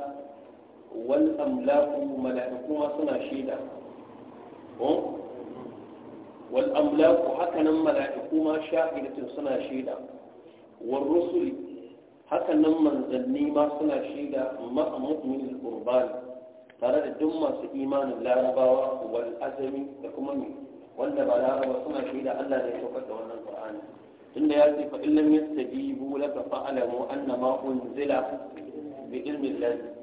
والأملاك ملائكما سنا شيدا والأملاك حكنا ملائكما شاهدة سنا شيدا والرسل hakanan nan manzanni ma suna shaida ma'a mu'min al-qurban tare da duk masu imanin larabawa wal azami da kuma ni wanda ba laraba suna shaida Allah ne ya da wannan qur'ani tunda ya ce fa illam yastajibu laka alamu anna ma unzila bi ilmi Allah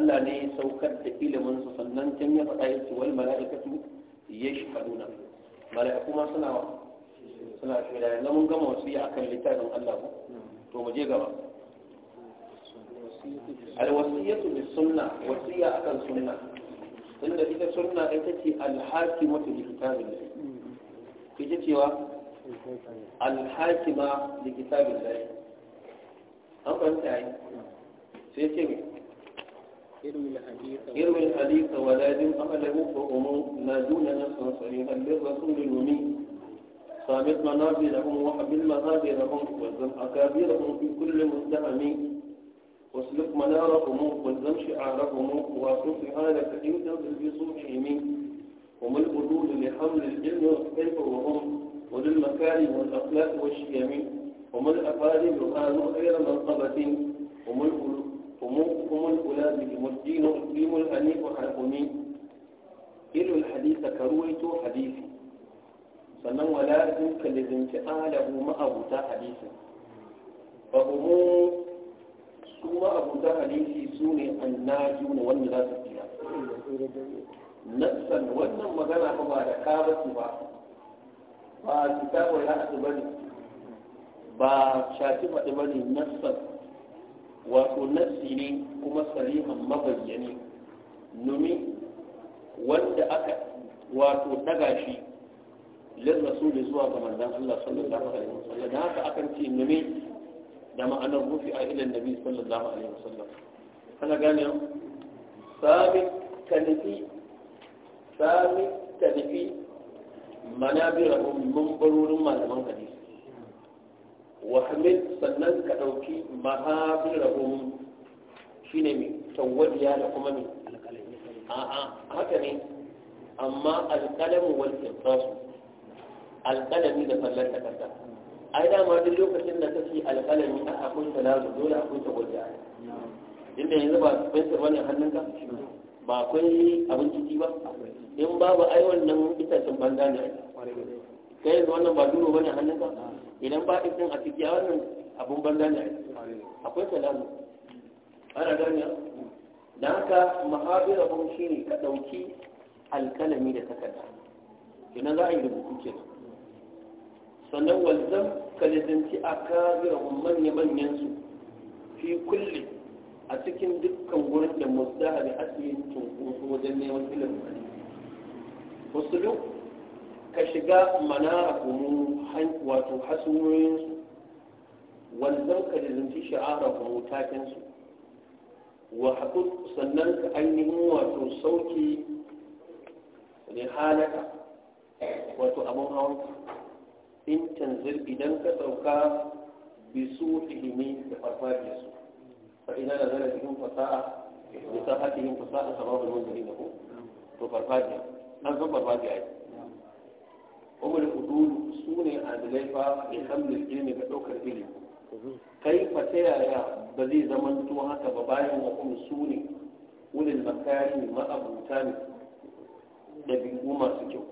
Allah ne ya saukar da ilimin sa sannan can ya faɗa yace wal mala'ikatu yashhaduna mala'iku ma suna suna shaida yanzu mun gama wasiya akan littafin Allah ko to mu je gaba الوصية بالسنة وصية أكل سنة إن إذا سنة إتتي الحاكمة لكتاب الله إتتي و الحاكمة لكتاب الله أبقى أنت عين سيتي إروي الحديث ولازم أمله فأمو ما دون نفسه صريحا للرسول المميز صابت منابرهم وحب المغادرهم وزم أكابرهم في كل مزدهمين واسلك منارهم والزم شعارهم واسلك حالك انتظر بصوحهم هم الأدول لحمل الجن والكيف وهم وللمكان والأخلاق والشيم هم الأقارب وآنوا غير منقبة هم هم الأولاد بهم الدين الدين الأنيف حرقمي إلو الحديث كرويت حديثي sannan wala in ka lizinci alahu ma'abuta hadisi fa umu su ma abuta hadisi su ne na juna wanda za su tsira nassan wannan magana ba ba da ka ba su ba ba kitabul hadd ba ne ba shafi faɗi ba ne nassan wato nassi ne kuma sarihan mabayyani numi wanda aka wato daga shi lil rasul zuwa ga manzon Allah sallallahu alaihi wasallam da haka akan ce numi da ma'anar rufi a ilan nabi sallallahu alaihi wasallam kana gane sabit kalifi sabit kalifi manabirahum mun barorin malaman hadisi wa hamid sannan ka dauki mahabirahum shine mai tawadiya da kuma mai a'a haka ne amma alƙalamu wal kirtasu da fallar takarda ai dama duk lokacin da kake alƙalami a akwai salazu dole akwai ta gwaja inda yanzu ba fensir wani hannunka ba akwai abin ciki ba in babu ai wannan itacen banza ne kai yanzu wannan ba duro bane hannunka idan ba isin a ciki a wannan abun banza ne akwai salazu ana gani da haka mahabirahum shine ka dauki alƙalami da takarda idan za a yi rubutu kenan sannan wanzan kalitanci a kabirahun manya su fi kulle a cikin dukkan wurin da musdahari asirin cunkoso wajen neman ilimin hadisi musulun ka shiga mana kuma wato su wanzan kalitanci sha'ara kuma takensu wa haɗu sannan ka ainihin wato sauki ne halaka wato abin hawanka in tanzil idan ka sauka bi su ilimi da farfajiyar su fa idan da zara cikin fasaha da sa hati yin fasaha sama da mun gari da ku to farfajiya an san farfajiya yi umar hudulu su ne adilai fa in hamlin ilimi ga ɗaukar ilimi kai fa ta yaya ba zai zama to haka ba bayan wa kuma su ne ulil makari ma'abuta ne da biyu masu kyau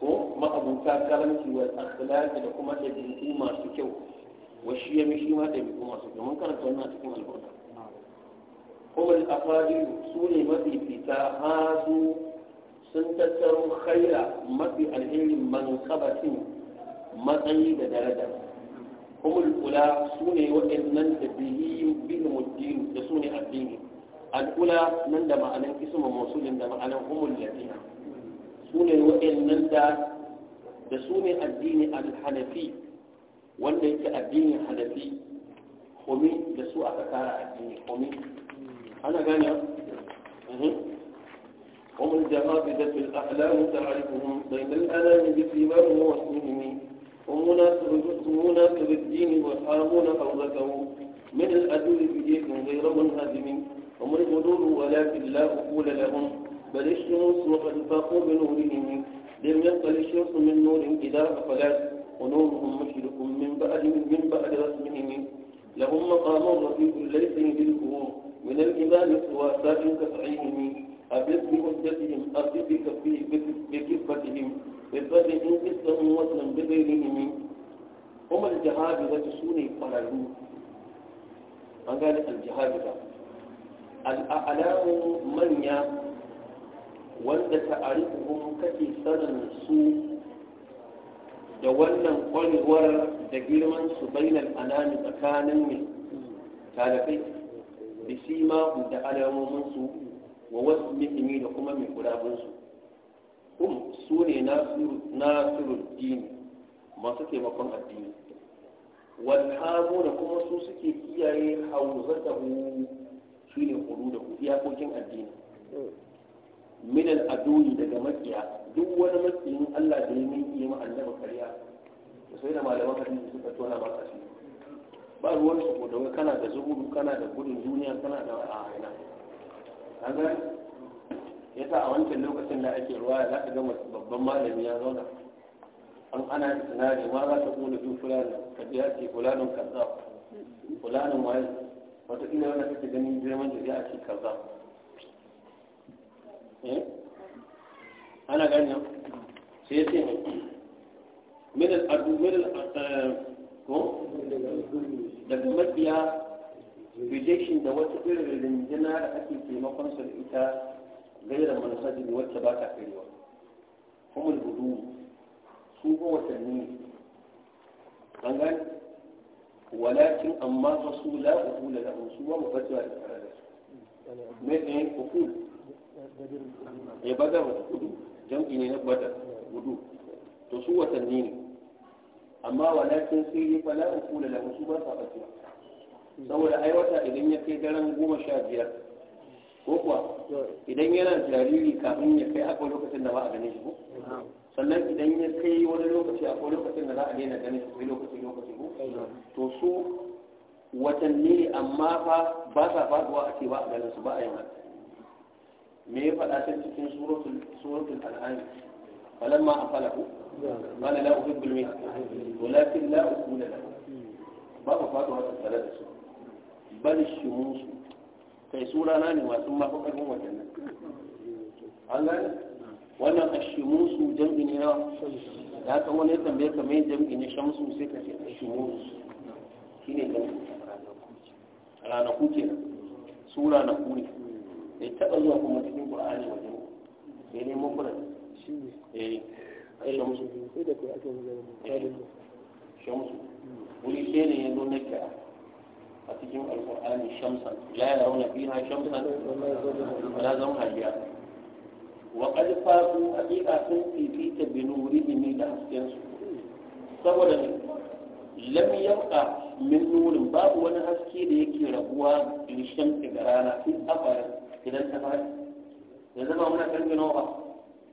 ko ma'abuta karanci wa akhlaqi da kuma dabi'u masu kyau wa shi ya mishi ma dabi'u masu kyau mun karanta wannan cikin albarka kuma al-afadil su ne mafi fita hazu sun tattaro khaira mafi alherin manqabatin matsayi da daraja kuma al-ula su ne waɗannan da biyu bihim ad da su ne addini al-ula nan da ma'anan ismu mausulin da ma'anan humul latina su ne waɗannan da da su ne addini al-hanafi wanda yake addini hanafi humi da su aka kara addini ana gane هم الجماعة الأحلام تعرفهم بين الألام بسيماهم واسمهم هم مناسب الدين وحامون حوزته من الأدول بجيء غير منهزم هم الغلول ولكن لا أقول لهم بل الشمس بنورهم لم يبقى للشمس من نور إذا أفلت ونورهم مشرق من بعد من بعد رسمهم لهم مقام رفيق ليس يدركه من الإمام سواسات كفعيهم أبلغ بحجتهم أبلغ بكفتهم بفتهم إن قسطهم وصلا بغيرهم هم الجهابذة سوني قرروا أقال الجهاد الأعلام من يا wanda ta'arifuhum kake sanin su da wannan kwarewar da girman su bainal anani tsakanin mai da talakai bisima da alamomin su wa wasu mihimi da kuma mai gurabin su su ne Dini masu taimakon addini walhamu da kuma su suke kiyaye hauzatahu shi ne hudu da iyakokin addini min al'aduni daga makiya duk wani makiyin Allah da ya minki ya ma'allama karya da sai da malaman hadisi suka tona ba kashi ba ruwan su da wai kana da zuhudu kana da gudun duniya kana da a'ina kaga yasa a wancan lokacin da ake ruwa za ka gama babban malami ya zauna an ana tunani ma za ta kula bi fulani ka ji ce fulanin kaza fulanin waye wata ina wanda kake ganin girman da ya ce kaza ana gani sai sai minal adu minal ko daga mafiya rejection da wata irin rinjina da ake taimakon su da ita gaira manasajin wacce ba ta karewa kuma gudu su ko watanni an gani walakin amma su la ukula da su ba mu fatiwa da tare da su mai ɗayan ukula ya badar gudu jam'i ne na bada gudu to su watanni ne amma walakin sai yi fala in kula da su ba sa bacewa saboda ai wata idan ya kai daren goma sha biyar ko kuwa idan yana jariri kafin ya kai akwai lokacin da ba a gane shi ko sannan idan ya kai wani lokaci akwai lokacin da za a daina gane shi kai lokaci lokaci ko to su watanni amma fa ba sa faduwa a ce ba a ganin su ba a yi haka مي فدا سنت في سوره سوره الانعام فلما اقله قال لا اهب المياه ولكن لا اكون له بابا فاتوا هذا الثلاثه سوره بل الشموس في سوره ناني وثم فقد هو جنة قال وانا الشموس جمع نيرا لا تقول لي تنبيه كمين جمع الشمس سيكا الشموس كيني جمع رانا كوتي رانا كوتي bai taba zuwa kuma cikin ƙur'ani wajen ya ne mafura shi ne eh ai da musu sai da kai ake magana eh shamsu wuri ke ne zo na kira a cikin alƙur'ani shamsan la yarawna na shamsan zan hajiya wa qad fasu haqiqa sun fifita bi nurihim da haskensu su saboda lam yabqa min nurin babu wani haske da yake rabuwa lishan da rana in afarin idan ta faɗi yanzu ba muna karfe nawa ba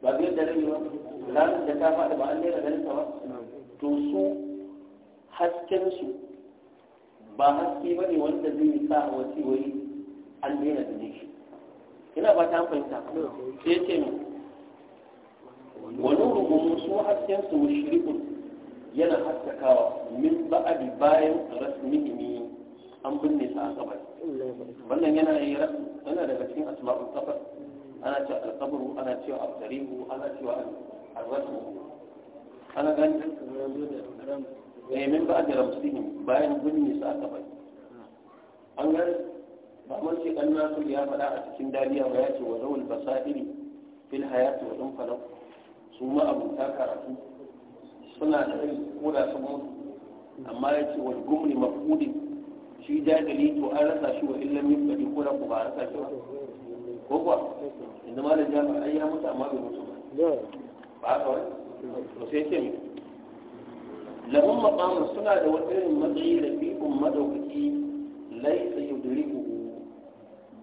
ba biyar da rabi ba ranar da ta faɗi ba an daina ganin ba to su hasken su ba haske ba ne wanda zai yi sa a wasu wai an daina ganin shi ina ba ta fahimta sai ce mu wani rubutu su hasken su mushrikun yana haskakawa min ba'adi bayan rasmi rasmihi an binne sa a kabari wannan yana yi rasmi yana daga cikin asma'ul qabr ana cewa al-qabru ana cewa al-tarihu ana cewa al-wasmu ana gani ne eh, min ba da ramsihim bayan gunni sa aka bai an ga ba mun ce dan nasu ya faɗa a cikin dariya ba ya ce wa zawul basairi fil hayati wa dum falam suna da ko da mutu amma ya ce mafudin shi jahili to an rasa shi wa illan min bari ko da ku ba rasa shi ba ko kuwa inda malam jami'a ai ya mutu amma bai mutu ba ba haka wani to sai ce mai lahun maqamun suna da wani irin matsayi da fi'un madaukaki laisa yudriku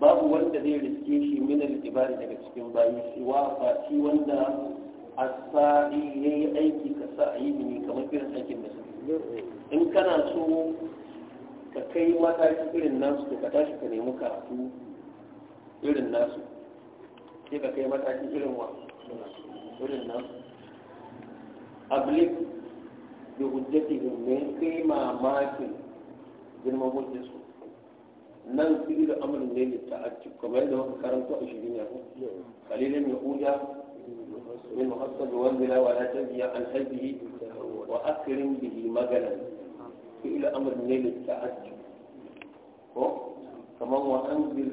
babu wanda zai riske shi min al-ibari daga cikin bayi shi wa fati wanda asali yayi aiki ka sa ayi ne kamar irin aikin da in kana so ka kai mataki irin nasu to ka tashi ka nemi karatu irin nasu sai ka kai mataki irin wa irin nasu ablik da hujjatihim ne kai mamakin girman hujjarsu nan fi'il amurin ne litta'ajjub kamar yadda wata karanta a shirin kalilin ya yahuda min wanda ya la tabiya an hadihi wa da bihi magana. fi'il amr ne da ta'ajjub ko kaman wa anzir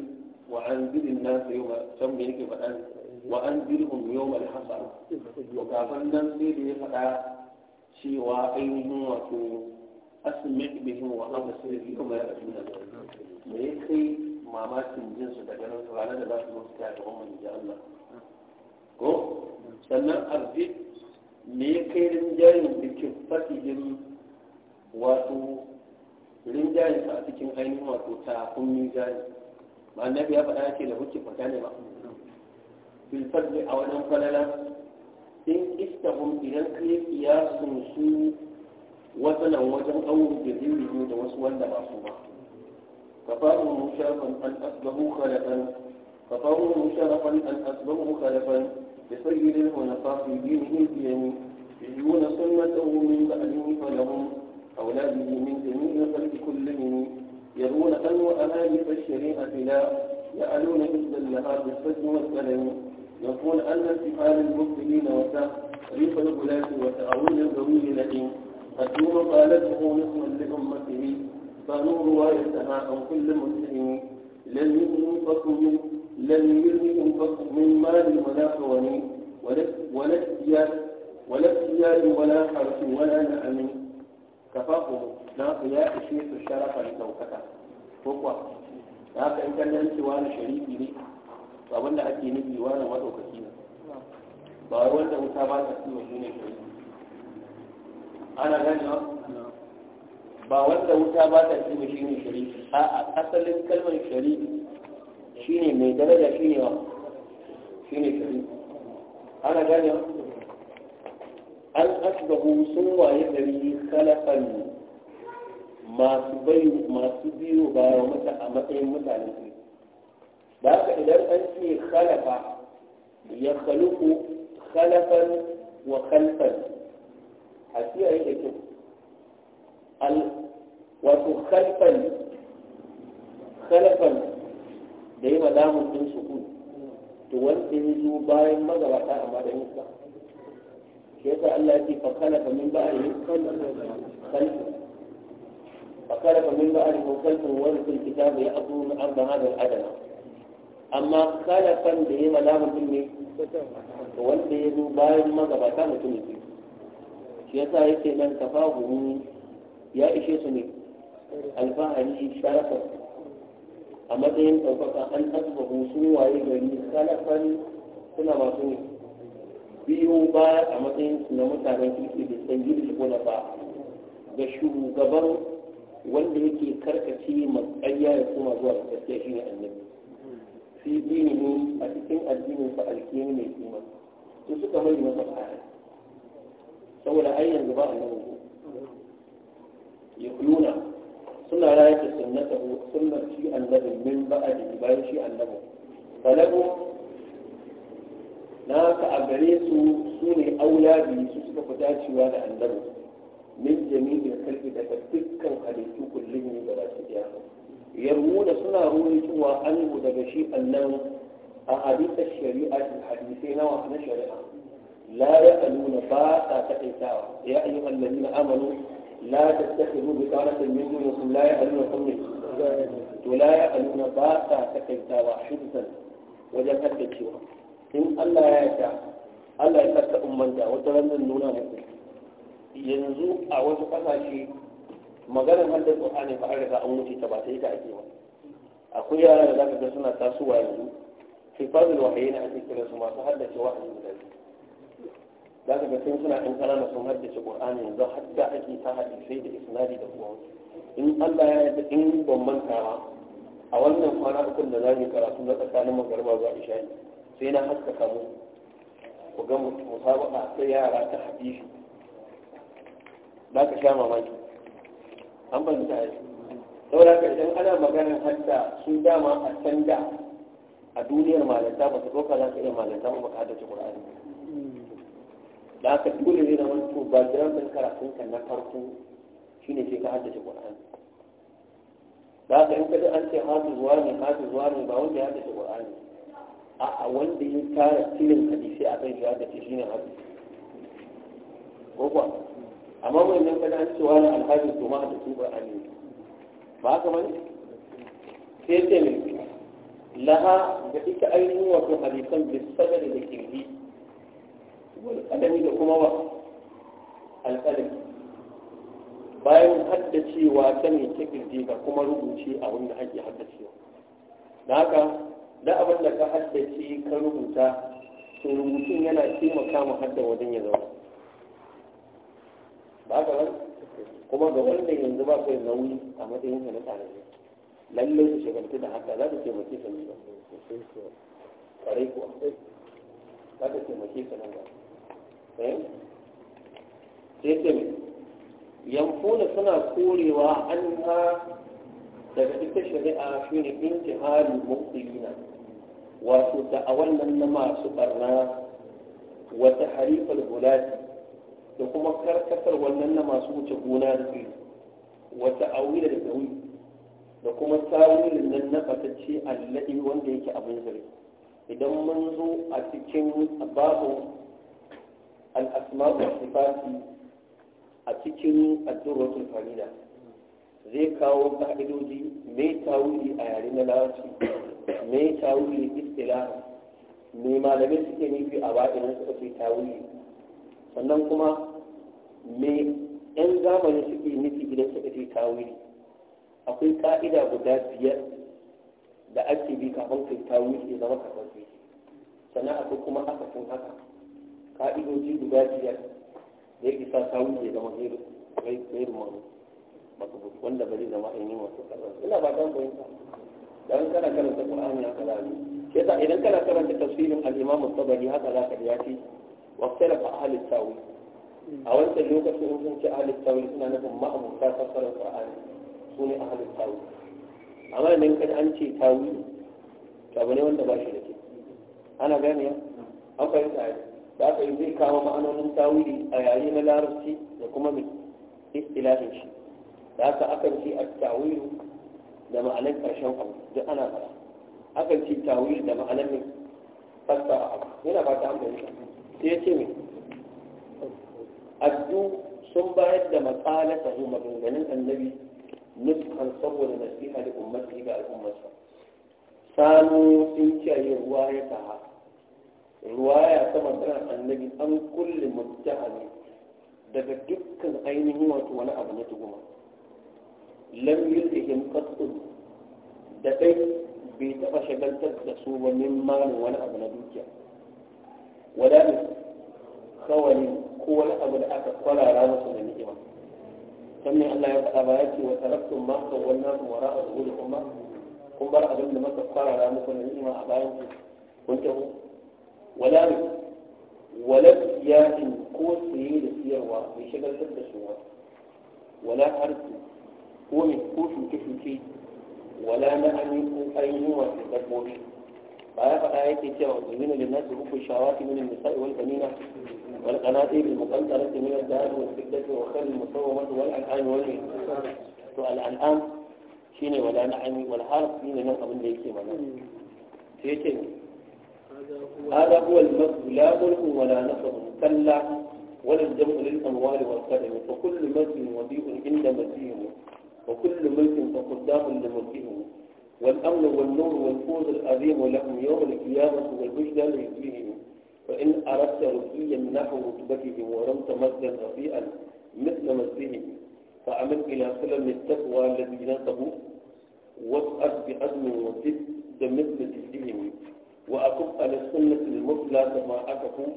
wa anzir an-nas yawma san me yake faɗa wa anzirhum yawma al-hasar to kafin nan sai da ya faɗa cewa ainihin wato asmi' bihim wa absir yawma ya'tuna me yake mamakin jinsu da ganin su ranar da za su mutu ta gaban manzan Allah ko sannan arzik me ya kai rinjayen da ke fatihim wato rinjayen sa a cikin ainihin wato ta kun mizani ba annabi ya faɗa yake da hukki fata ne ba fil fadli a wajen falala in istahum idan kai kiyasun su wasanan wajen awon da zai da wasu wanda ba su ba كفاهم شرفا أن أصبحوا خلفا كفاهم شرفا أن أصبحوا خلفا بسير الخلفاء في دينهم الدين يجون سنته من بعده فلهم أولاده من جميع خلق كلهم يرون أنو أهالف الشريعة لا يألون مثل النهار بالفجر والسلم يقول أن استحال المسلمين وتعريف الغلاة وتأويل الغوي قد الدين قالته نصر لأمته فنور وايتها عن كل مسلم لم ينفق من لم ينفق من مال ولا حول ولا ولا اختيار ولا حرف ولا نعم tafahu na haka ya ishe su sharafa da ɗaukaka ko kuwa da haka in kallon cewa na sharifi ne to abin da ake nufi wani maɗaukaki ne ba wai wanda wuta ba ta ciwo shi ne sharifi ana gani ba wanda wuta ba ta ciwo shi ne sharifi a'a asalin kalmar sharifi shine mai daraja shine wa shine sharifi ana gani an asbahu sun waye gari kalafan masu bayu masu biyo baya mata a matsayin mutane ne da haka idan an ce kalafa ya kaluku kalafan wa khalfan a kiyaye da kyau al wato kalfan kalafan da yi malamun din sukun to wanda ya zo bayan magabata a madadin sa shi yasa Allah ya ce fa khalafa min ba'dihim khalfun da من بعدهم خلف ورث الكتاب يأخذون أرض هذا الأدنى أما خلفا بهما لا mutum wanda ya zo bayan magabata mutum ne shi ya sa yake nan tafahu ya ishe su ne alfahari sharafar a matsayin ɗaukaka an tasbahu sun waye gari salafan suna masu ne biyu ba a matsayin na mutanen kirki da san yi na ba ga shugaban wanda yake karkace matsayya ya kuma zuwa da gaskiya shi ne annabi fi dini a cikin addinin sa alkiyar mai kima su suka mai masa tsari saboda ai yanzu ba annabi ya kuluna suna rayar da sunnata sunnar shi annabin min ba a ba'adi bayan shi annabin falago na haka a gare su su ne aula biyu su suka fi dacewa da annabi min jami'in kalbi daga dukkan halittu kullum ne gaba su ɗaya yarmuna suna ruwaitowa anhu daga shi annan a hadisar shari'a hadisai nawa na shari'a لا يألون باء تقيتا يا أيها الذين آمنوا لا تتخذوا بطانة من دونكم لا يألون قومي ولا يألون باء تقيتا حفظا وجل هكذا in Allah ya yarda Allah ya saka ummanta wata ranar nuna muku yanzu a wasu kasashe maganar hadda Qur'ani fa an da an wuce ta ba ta yi ta ake ba akwai yara da zaka ga suna tasowa yanzu hifazul wahayi na ake kira su masu haddace wahayi guda za ka ga sun suna ɗan ƙanana sun haddace Qur'ani yanzu hadda ake ta hadisai da isnadi da kuma in Allah ya yarda in ban manta ba a wannan kwana ukun da za mu karatu na tsakanin magarba zuwa isha'i سينا حتى كمو وقام مصابقة عطية تحديث ذاك كان مماني أما المتعيس دولة كأسان أنا مقارن حتى سودا ما أتنجع الدنيا المالتا بطبوكا لك إلى مالتا ومقعدة القرآن ذاك الدولة هنا منتو بادران من كرحون كان نكرحون شيني في قعدة القرآن ذاك إن أنت حاضر واني حاضر واني باوني حاضر القرآن a wanda ya tara tilin hadisi a kan shiga da ce shine hadisi ko kuwa amma wani nan kada an cewa na alhaji to ma da su ba a ne ba haka bane sai ce ne laha ga ita ainihin wato hadisan bisabar da ke kirji wani kadami da kuma ba alƙalami bayan haddacewa ta ne ta kirji ga kuma rubuce a wanda ake haddacewa da haka da abin da ka haddace ka rubuta to rubutun yana taimaka mu hadda wajen ya zama ba ka ban kuma ga wanda yanzu ba kai nauyi a matsayin ka na tarihi lallai su shagaltu da haka za ta taimake ka ne ba kwarai kuwa za ta taimake ka nan ba eh? sai ce mai suna korewa an ha daga ita shari'a shi ne intihalin mutsirina wato da'awar nan na masu barna wata harifar gulati da kuma karkatar wannan na masu wuce gona da kai wata awila da dawi da kuma tawilin nan na fatacce allaɗi wanda yake abin zare idan mun zo a cikin babu al'asma'u sifati a cikin addu'ar farida zai kawo ka'idoji mai tawili a yare na larabci me tawili istilahi me malamai suke nufi a ba'inan suka ce tawili sannan kuma me yan zamani suke nufi idan suka ce tawili akwai ka'ida guda biyar da ake bi kafin kai tawili ya zama karfafe sannan akwai kuma sun haka ka'idoji guda biyar da yake sa tawili ya zama gairu makabu wanda ba zai zama ainihin wasu karfafe ina ba don fahimta dan kana karanta qur'ani haka za ka ke sa idan kana karanta tafsirin al-imam at-tabari haka za ka ji yafi wa ikhtalafa ahli tawi a wancan lokacin sun ce ahli tawi suna nufin ma'abuta fassarar qur'ani su ne ahli tawi amma idan kada an ce tawi to abu ne wanda ba shi da ke ana gane ya an fahimta ya da aka yi zai kama ma'anonin tawili a yayi na larabci da kuma mai istilahin shi da aka akan ce a tawilu da ma'anar ƙarshen abu duk ana fara akan ci tawil da ma'anar ne fasta abu yana ba ta amfani sai ya ce mai addu sun bayar da matsalata su maganganun annabi nuskan saboda nasiha da ummati ga al'ummarsa sanu sun kiyaye ruwa ya taha ruwa ya sama tsanan annabi an kulle muttahami daga dukkan ainihin wato wani abu na tuguma لم يلئهم قد قد دقيت بيتقش بل تكسوا ومن مال ولا أبن دوجة ولا خول قوة أبن أكد ولا رامس من إيمان سمي الله يبقى بايتي وتركتم ما خولناه وراء ظهورهما أمم. قم برأ ظلم ما تقرى رامس من إيمان أبايتي وانتهوا ولا ولا ياتي قوة سيئة سيئة وعلى شكل تكسوا ولا أرسل كوني كوشو كيفو كي ولا نأمين أينو وتتبون فأيها فأيها تيتيا وزمين للناس هو في شعوات من النساء والبنينة والقناتي بالمقنطرة من الدهاب والسكدة وخير المصومة والعنعان والعنعان سؤال الآن شيني ولا نعمي والحرب فيني نرقى من ليكي منا هذا هو المذب لا ملك ولا نصب كلا ولا الجمع للأموال والكلمة فكل مذب وضيء عند مذيبه وكل ملك فقدام لملكه والأمن والنور والفوز العظيم لهم يوم القيامة والبشرى لرجلهم فإن أردت رفيا نحو رتبتهم ورمت مزدا رفيئا مثل مزدهم فأمن إلى سلم التقوى الذي نصبوا واسأل بعزم وجد مثل جدهم وأكف على السنة المثلى كما أكفوا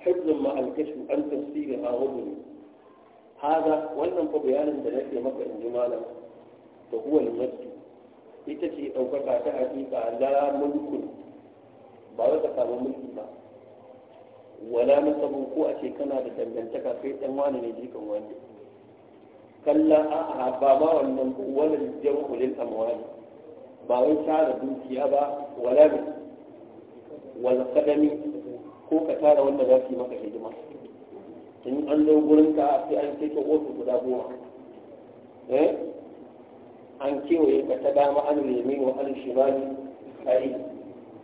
حفظا مع الكشف عن تفسيرها وزني haza wannan fa bayanin da nake maka in ji malam da huwa al-masjid ita ce ɗaukaka ta hakika la mulkun ba wata samu mulki ba wala nasabun ko a ce kana da dangantaka kai dan wani ne jikan wani kalla a'a ba ma wannan wala jam'u lil amwali ba wai tara dukiya ba wala bi wal qadami ko ka tara wanda za su yi maka hidima in an zo gurin ka sai an keto ofis guda goma eh an kewaye ka ta dama an nemi wa an ni kai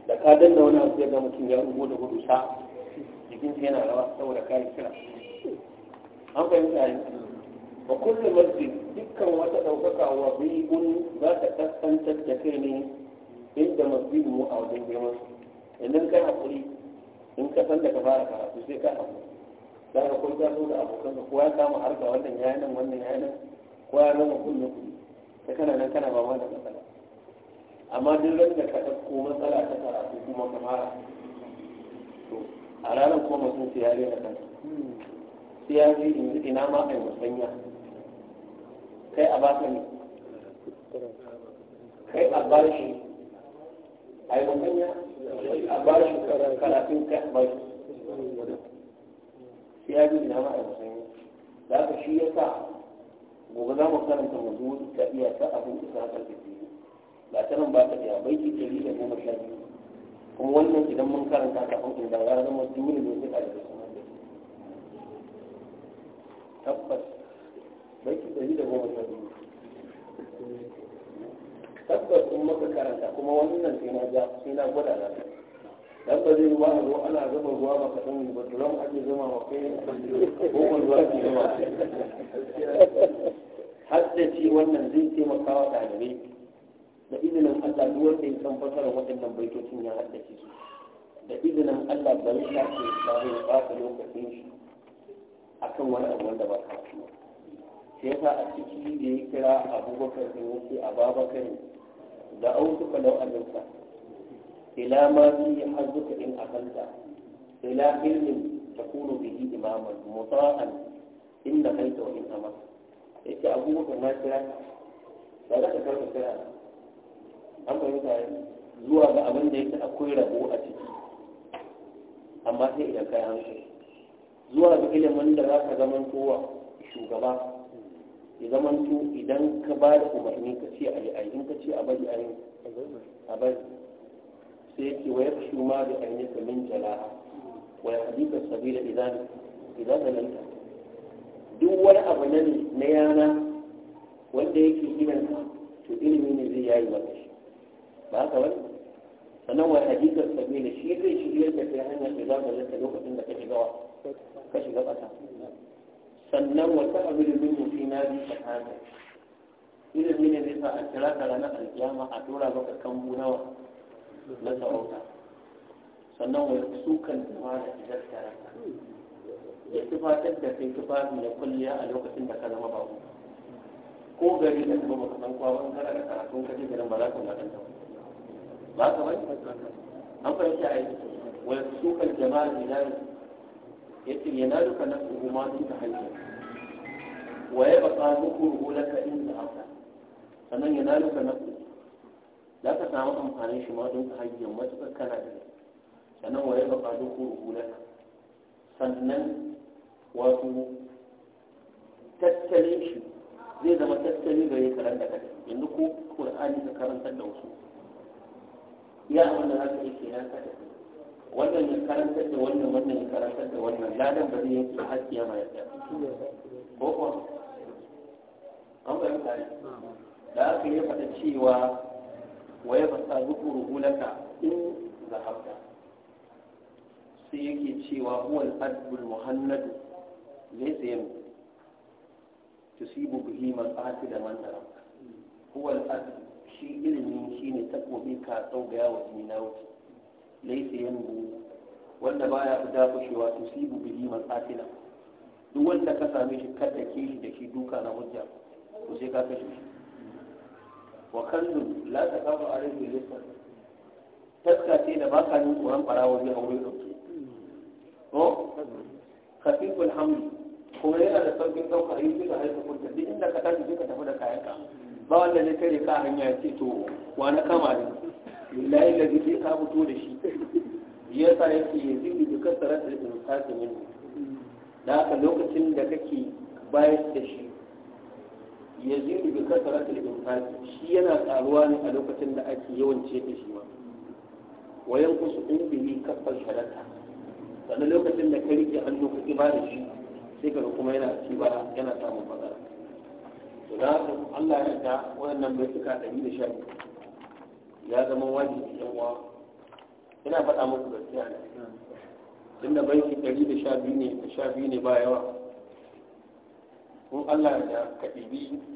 da ka danna wani abu ga mutum ya rubo da gudu sa jikin sa yana rawa saboda kai kira an fahimta ne Ba kullum masjid dukkan wata ɗaukaka wa bi'un za ta kaskantar da kai ne inda masjid mu a wajen girma, idan kai hakuri in ka san da ka fara karatu sai ka hakuri da ka kun ta zo da abokansa ko ya kama harka wannan ya nan wannan ya nan ko ya zama kullum kuɗi ta kana nan kana ba da matsala amma duk ran da ka ɗauko matsala ta karatu kuma ka fara to a ranar kuma mutum sai ya rena kansa sai ya ji ina ma ai musanya kai a baka ne kai a bashi ai musanya a bashi karatun kai a bashi sai ya bi ina ma'aikatan yi da aka shi ya sa gobe za mu karanta wasu zuwa ta iya ta abin da ta karfe ba ta nan ba ta da ki tari da goma sha biyu kuma wannan idan mun karanta ta abin da ya zama dole ne sai a da sanar da tabbas ki tari da goma sha biyu tabbas kuma muka karanta kuma wannan sai na ja sai na gwada na dan ba zai ruwa ruwa ana zuba ruwa ba ka san ba turam ake zama ba kai ko ban ruwa ke da shi wannan zai taimaka wa ɗalibai da izinin Allah duk wanda ya san fasara waɗannan baitocin ya haddace su da izinin Allah ba zai sake ba zai ɓata lokacin shi akan wani abu wanda ba ka shi sai yasa a ciki da ya kira abubakar da ya ce a babakar da autuka lau annabta ila ma fihi hazzuka in aqalta ila ilmin takunu bihi imaman muta'an in da kaita wa in amata yace abubakar na kira ba za ka karɓa kira an fahimta zuwa ga abin da yake akwai rabo a ciki amma sai idan kai hankali zuwa ga ilimin da za ka zama kowa shugaba ya zama idan ka ba da umarni ka ce a yi in ka ce a bari ayi. a bari sai yake wa yakshu ma bi an yaka min jalaha wa yahdika sabila idan idan zalanta duk wani abu ne na yana wanda yake gidan ka to ilimi ne zai yayi maka shi ba haka wani sannan wa yahdika sabila shi zai shirya da kai hanyar idan zalanta lokacin da ka gawa. ka shiga ƙasa sannan wata abu da min fi na bi shahada ilimi ne zai sa a kira kala na alkiyama a tura maka kambu nawa na sarauta sannan wa sukan tufa da idaskara ya tufatar da kai tufafi na kulliya a lokacin da ka zama babu ko gari da kuma baka san kwa ban kana da karatun kaje garin ba za ka ladan ta ba ka bai an fahimci a yi wa sukan jama'a ilani yace yanaluka nafsuhu ma duka hajji wa yabqa nukuruhu laka inda haka sannan yanaluka nafsuhu samu amfanin shi ma don ka hajjiyar matuƙar kana da sannan wa ya faɗa duk rubulan sannan wato tattalin shi zai zama tattali ga yi karanta da kai yanzu ko qur'ani ka karanta da wasu ya abin da za ka yi kenan ka tafi wannan ya karanta da wannan wannan ya karanta da wannan ladan ba zai yanke har kiyama ya tsaya ko ko an tare da aka yi faɗa cewa wa yabqa dhukruhu laka in zahabta sai yake cewa huwa al-adbul muhannad laysa yam tusibu bihi ma'ati da man daram huwa al-adb shi ilimi shine takobi ka tsaugaya wa jina wuce laysa wanda baya fita kushewa tusibu bihi ma'atina duk wanda ka same shi kada ke shi da shi duka na hujja ko sai ka kashe shi wa kallu la ta kafa a rage lissa taska ce da ba ka nin tsoron ɓarawa zai aure ɗauki to kafiful hamdu kuma yana da saukin ɗauka yi suka haifa kunta duk inda ka tafi suka tafi da kayan ka ba wanda zai kare ka hanya ya ce to wa na kama ne lillahi lazi zai ka fito da shi ya sa yake ya zibi da kasarar da insati min da haka lokacin da kake bayar da shi yazidu bi kasratil infaq shi yana karuwa ne a lokacin da ake yawan da shi ma wa yanqusu in bihi kaffal shadata sannan lokacin da ka rike hannu ka ibada shi sai ka kuma yana ci ba yana samun matsala to da haka Allah ya yarda wannan bai suka 112 ya zama wajibi yan uwa ina faɗa muku gaskiya ne tunda baiti 112 ne biyu ne ba yawa ko Allah ya ka ɗibi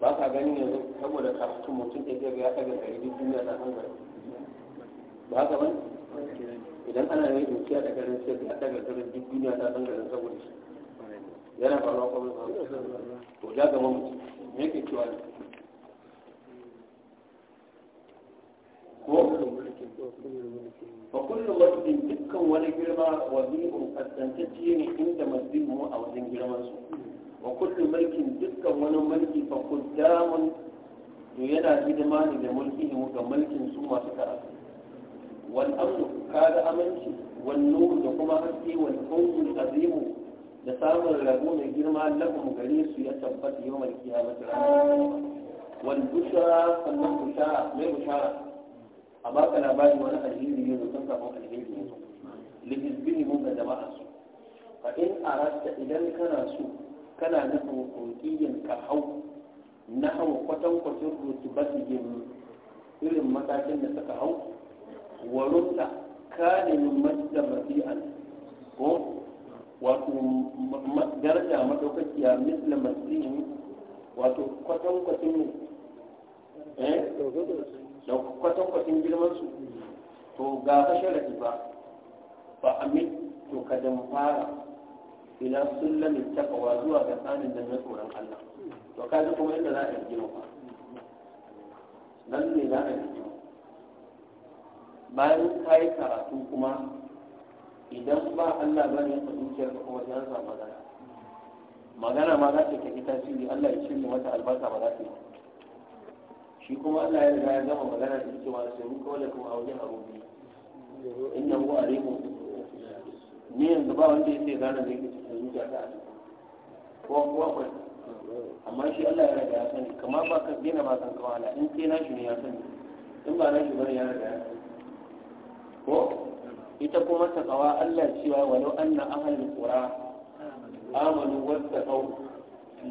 ba ka gani yanzu saboda kafin mutum ke zai ya ɗaga gari duk duniya ta san gari ba ka ba idan ana yin dukiya da garin sai ya ɗaga da duk duniya ta san gari saboda shi yana faruwa ko ba to ja ga mutum me yake cewa ne ko wa kullu masjidin dukkan wani girma wa bi'un kasantacce ne inda masjidin mu a wajen girman su wa kullu mulkin dukkan wani mulki fa quddamun to yana hidima ne da mulki ne ga mulkin su masu karatu wal amnu kaga aminci wal nur da kuma haske wal fawzul azimu da samun rabo mai girma lakum gare su ya tabbata yau mai kiyamata ranar wal bushara sannan bushara mai bushara a baka labari wani alheri ne da sun kafin alheri ne lihizbini mun ga jama'a su fa in arasta idan kana so kana nufin kokiyin ka hau na hau kwatankwacin rutubatihim irin matakin da suka hau warunta rutta kalimin madda mafi'an ko wato daraja madaukakiya misla masihin wato kwatankwacin eh kwatankwacin girman su to ga rafi ba ba amin to ka fara ila sullamin taqwa zuwa ga tsanin da na tsoron Allah to kaji kuma yadda za a yi ba nan ne za a yi bayan ka yi karatu kuma idan ba Allah bane ya dukiyar ka kuma sai an magana magana ma za ta tafi tasiri Allah ya shirya mata albarka ba za ta yi shi kuma Allah ya riga ya gama magana da cewa sai mun kawai kuma a wajen abu innahu alimun ni yanzu ba wanda ya ce gane da yake cikin zuciya ta a ko kuwa kwai amma shi Allah ya da ya sani kamar ba ka gina ba san ala in sai na shi ne ya sani in ba na shi ne ya da ya sani ko ita kuma ta kawa Allah cewa walau na ahalin kura amanu wattaqu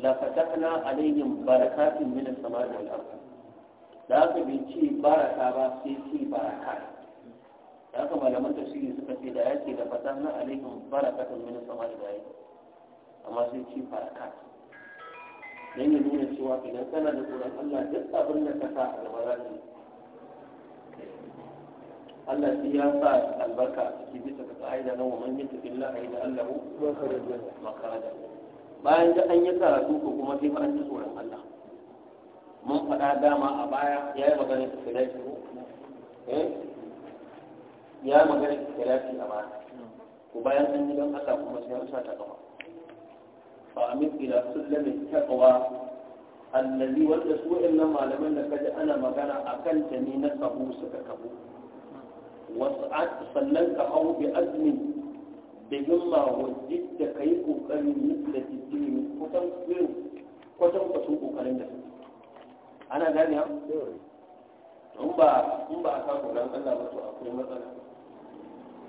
la fatahna alaihim barakatin minas samai wal ardh da aka bi ci baraka ba sai ci baraka da haka malaman tafsiri suka ce da yake da fata na alaihim barakatun min samai da amma sai ci baraka dan ya nuna cewa idan kana da tsoron Allah duk abin da ka sa a gaba Allah shi ya sa albarka ki bisa ka ka'ida na wa man illa aida Allah makharaja bayan da an yi karatu ko kuma sai an ji tsoron Allah mun faɗa dama a baya ya yi magana ta filashi eh ya magana da ikhtirafi a baya ko bayan an yi don Allah kuma sai rusa ta gaba fa amin ila sullami taqwa allazi wanda su wa'annan malaman da kaji ana magana akan ta ne na kabu suka kabu wasa'at sallan ka hau bi azmi da himma wajid da kai kokarin misla tijini kusan irin kwatan kwasan kokarin da ana gane ha in ba a samu ran Allah ba to akwai matsala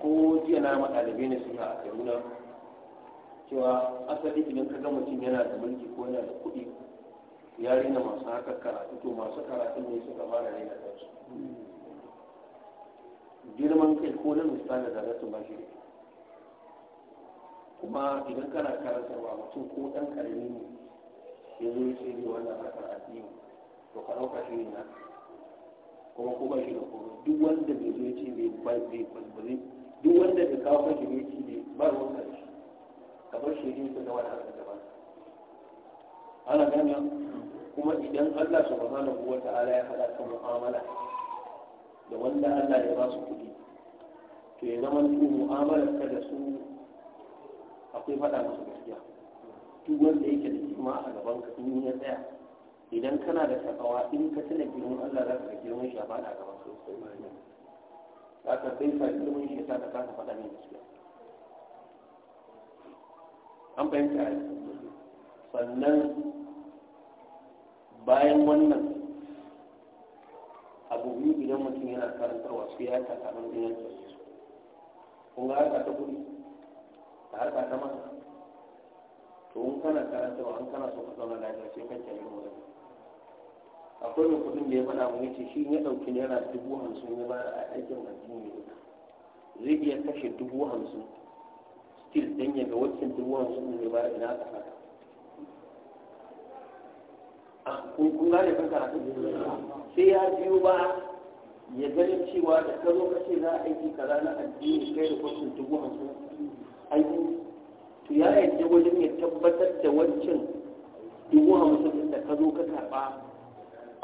ko jiya na ma ne suna a kaduna cewa asali idan ka ga mutum yana da mulki ko yana da kuɗi ya rina masu haka karatu to masu karatu ne suka fara rina kansu girman kai ko na misali da zasu ba shi kuma idan kana wa mutum ko ɗan ƙarni ne ya zo ya ce ne wannan harkar addini to ka ɗauka shi ne na kuma ko ba shi da horo duk wanda bai zo ya ce bai ba zai duk wanda da kawo kan shi ne ne ba ruwan ka shi kamar shi ne ta wani harkar da ba ana gani kuma idan Allah subhanahu wa ta'ala ya hada ka mu'amala da wanda Allah ya ba su kuɗi to ya zama su mu'amalar ka da su akwai faɗa musu gaskiya duk wanda yake da girma a gaban ka in ya tsaya idan kana da takawa in ka tuna girman Allah za ka ga girman shi a faɗa gaban sosai za ta sai sa ilimin shi yasa ka kasa faɗa mai gaskiya an fahimta a sannan bayan wannan abu biyu idan mutum yana karantarwa su ya ta kamar da yanke su kun ga harka ta kuɗi ta harka ta masa to in kana karantarwa an kana so ka zauna lafiya sai kan kyanin wani akwai mai kudin da ya faɗa mu yace shi ya ɗauki naira dubu hamsin ya bayar a aikin addini zai iya kashe dubu hamsin still dan ya ga waccan dubu hamsin ya bayar ina fara a ah, kun gane kan karatu sai ya biyo ba ya gani cewa da ka zo kace za a aiki kaza na addini kai da kwacin dubu hamsin aiki to ya yadda wajen ya tabbatar da wancan dubu hamsin da ka zo ka karɓa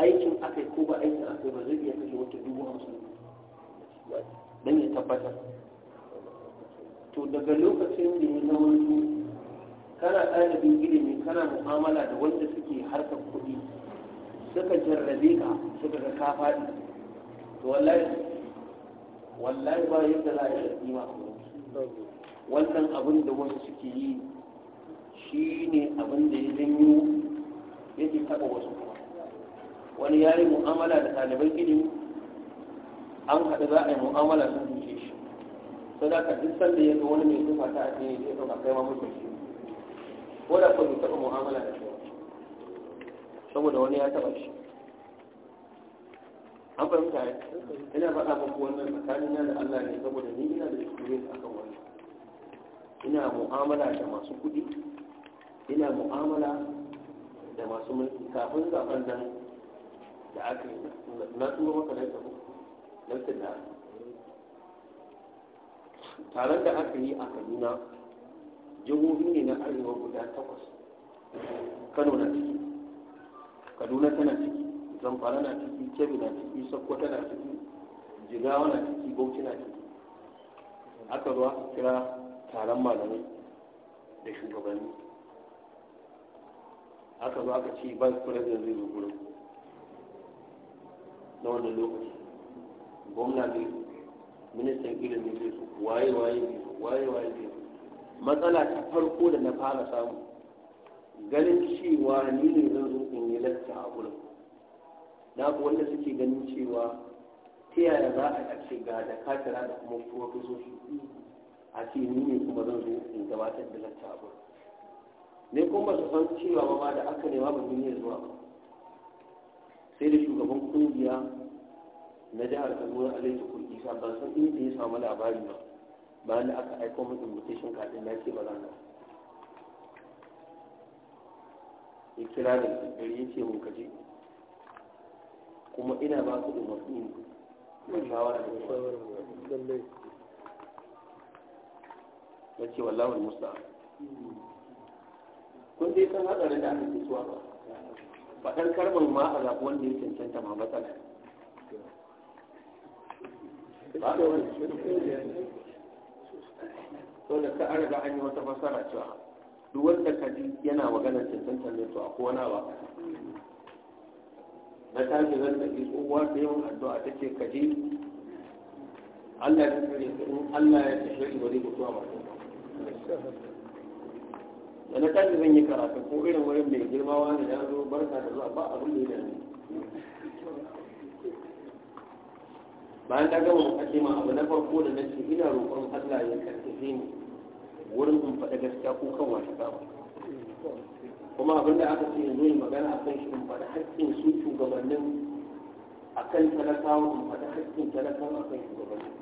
aikin akai ko ba aikin akai ba zai iya kashe wata dubu hamsin don ya tabbatar to daga lokacin da ya zama kana ɗalibin ilimi kana mu'amala da wanda suke harkar kuɗi suka jarrabe ka suka ga ka faɗi to wallahi wallahi ba yadda za a yi ma wannan abin da wasu suke yi shi ne abin da ya janyo yake taɓa wasu wani ya yi mu'amala da ɗaliban ilimi an haɗu za a yi mu'amala sun zuce shi sau da ka duk sanda ya ga wani mai zufa ta addini zai zama kai ma mutum shi ko da ko taɓa mu'amala da shi saboda wani ya taɓa shi an fahimta yana ina faɗa muku wannan tsakanin na da Allah ne saboda ni ina da a akan wannan ina mu'amala da masu kuɗi ina mu'amala da masu mulki kafin zaɓen nan da aka yi na turo maka da tafi lantar da taron da aka yi a kaduna jihohi ne na arewa guda takwas kano na ciki kaduna tana ciki zamfara na ciki kebbi na ciki sokoto na ciki jigawa na ciki bauchi na ciki aka zuwa su kira taron malamai da shugabanni aka zuwa aka ce ba su kula zai zo gurin na wanda lokaci gwamna bai ministan ilimi bai su waye waye bai su waye waye bai su matsala ta farko da na fara samu ganin cewa ni ne zan zo in yi lakta a gurin na wanda suke ganin cewa ta yaya za a ƙarshe ga da katara da kuma profesoshi a ce ni ne kuma zan zo in gabatar da lakta a gurin ne kuma su san cewa ba da aka nema ba duniyar zuwa ba sai da shugaban kungiya na jihar kaduna alhaji kurki sa ban san inda ya samu labari ba bayan da aka aiko min invitation card na ce ba zan ya kira da gari ya ce mun kaje kuma ina ba su da mafi da shawara da ya ce wallawar musta kun dai san hadarin da aka ke suwa ba faɗar karɓar ma a zaɓi wanda ya cancanta ma matsala so da ka arga an yi wata fasara cewa duk wanda ka ji yana magana cancanta ne to ko wani ba na tashi zan tafi tsohuwa da yawan addu'a ta ce ka ji Allah ya tafi in Allah ya tafi ba wani mutuwa ba da na tashi zan yi karatu ko irin wurin mai girma wani ya zo barka da zuwa ba abin da ya dame bayan ta gama ma abu na farko da na ce ina roƙon Allah ya karfafe ni wurin in faɗa gaskiya ko kan wasu ba kuma abin da aka ce yanzu yi magana a kan shi in faɗa haƙƙin su shugabannin a kan talakawa in faɗa haƙƙin talakawa a kan shugabannin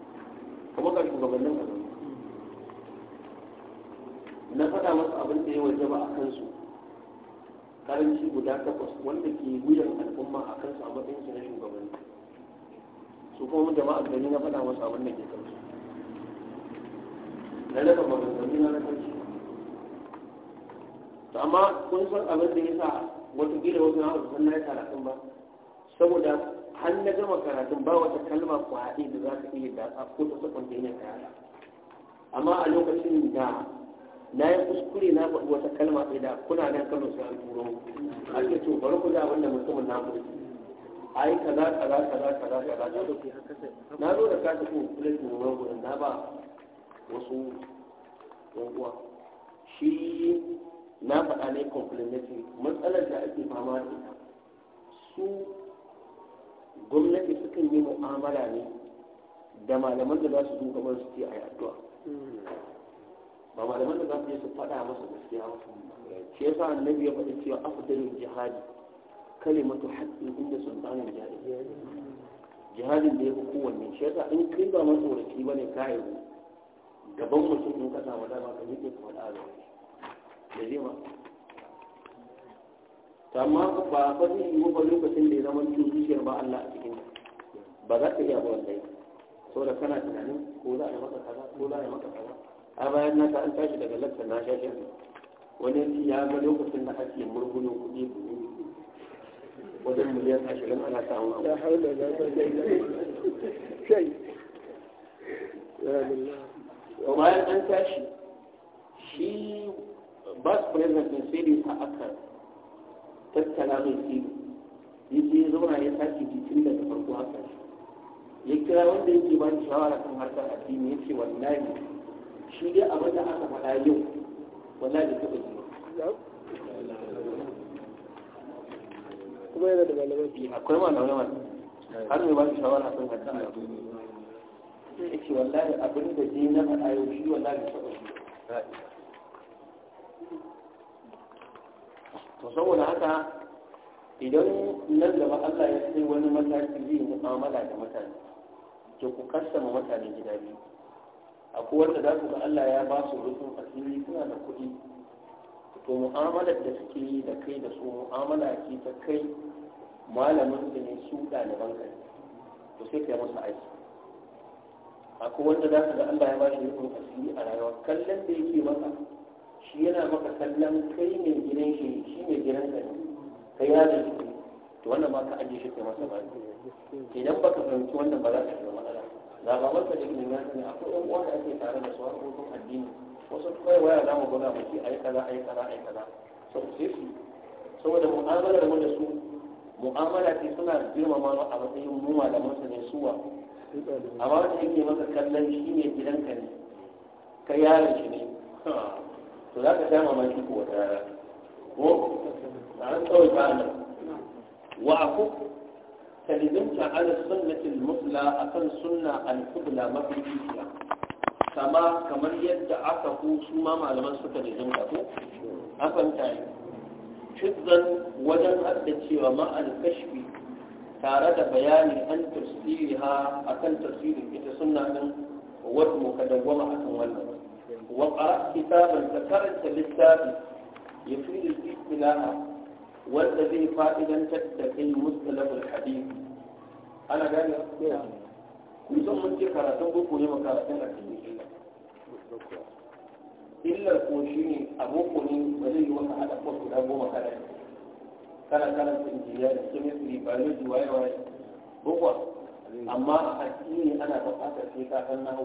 kuma ka shugabannin a na faɗa masu abin da ya wajaba a kansu karanci guda takwas wanda ke wuyan al'umma a kansu a matsayin su na shugabanni su kuma jama'ar gani na faɗa masu abin da ke kansu na daga maganganu na na kansu to amma kun san abin da ya sa gida wasu na wasu na ya karatun ba saboda har na gama karatun ba wata kalma kwaɗe da za ka iya da ko ta sakwanta yana kaya amma a lokacin da na yi kuskure na faɗi wata kalma ɗaya da kuna nan kano sai an turo a ce to bari ku da wanda mutumin na ku ai kaza kaza kaza kaza kaza na zo da kasa ko kula da mun gurin na ba wasu yan shi na faɗa ne complimentary matsalar da ake fama da ita su gwamnati sukan yi mu'amala ne da malaman da za su zo gaban su ce a yi addu'a ba ma da za su yi su faɗa masa gaskiya shi yasa annabi ya faɗi cewa afdalul jihadi kalimatu haqqin inda sultanul jihadi jihadin da ya fi kowanne shi yasa in kai ba tsoraki bane ka gaban mutum in ka samu dama ka yi ka faɗa da wani da zai ma amma ba fa zai yi ba lokacin da ya zama cikin zuciyar ba Allah a cikin ba za ka iya ba wanda yi saboda kana tunanin ko za a yi maka kaza ko za a yi maka kaza a bayan na an tashi daga lakta na shashin wani ya ga lokacin da ake murgunan kuɗi wajen miliyan ashirin ana samun abu. Ya haula da kai. Wa bayan an tashi shi bas president din sai ta aka tattara mai sirri yake ya zauna ya sake jikin ta farko haka ya kira wanda yake ba shawara kan harkar addini ya ce wallahi shi dai abin da aka faɗa yau wallahi da taɓa ji kuma yana da malamai akwai malamai masu har mai ba su shawara sun haɗa a duniya yake wallahi abin da je na faɗa yau shi wallahi da taɓa ji to saboda haka idan nan gaba Allah ya sai wani mataki zai mu'amala da mutane ke ku kassama mutane gida biyu akwai wanda za ku ga Allah ya ba su rufin asiri kuna da kuɗi to mu'amalar da suke yi da kai da su mu'amala ce ta kai malamin da ne su ɗaliban kai to sai kai masa aiki akwai wanda za ka ga Allah ya ba shi rufin asiri a rayuwa kallon da yake maka shi yana maka kallon kai ne gidan shi shi ne gidan ka ne kai ya da shi to wannan ma ka aje shi kai masa ba idan baka fahimci wannan ba za ka da ba masa da ilimi ya sani akwai ɗan uwa da ake tare da su harkokin addini wasu kawai waya za mu gwada mu ce ai kaza ai kaza ai kaza sau sai su saboda mu'amalar mu da su mu'amala ce suna girmama mu a matsayin mu malaman su ne suwa amma wanda yake masa kallon shi ne gidanka ne ka yaron shi ne to za ka sha mamaki ko wata rana ko a ran tsawon ta'ala wa aku kalibinta ala sunnatin musla a kan sunna alkubla mafi kusa sama kamar yadda aka ku malaman suka da jin ko a fanta ne cikin wajen addacewa ma alkashfi tare da bayani an tafsiri ha a kan tafsirin ita sunna din wadda ka dangwama a kan wannan wa ƙarar ta karanta littafi ya fi ilfi ila والذي قائلا تتقي المستلف الحديث انا قال يا كل يوم انت قراتم بكو يوم قراتم الحديث الا كوشيني ابو كوني ولي يوم هذا قصد ابو مكاني كان كان في سمي في بالي جواي واي بكو اما حقيقي انا بقاطع في كاتم نهو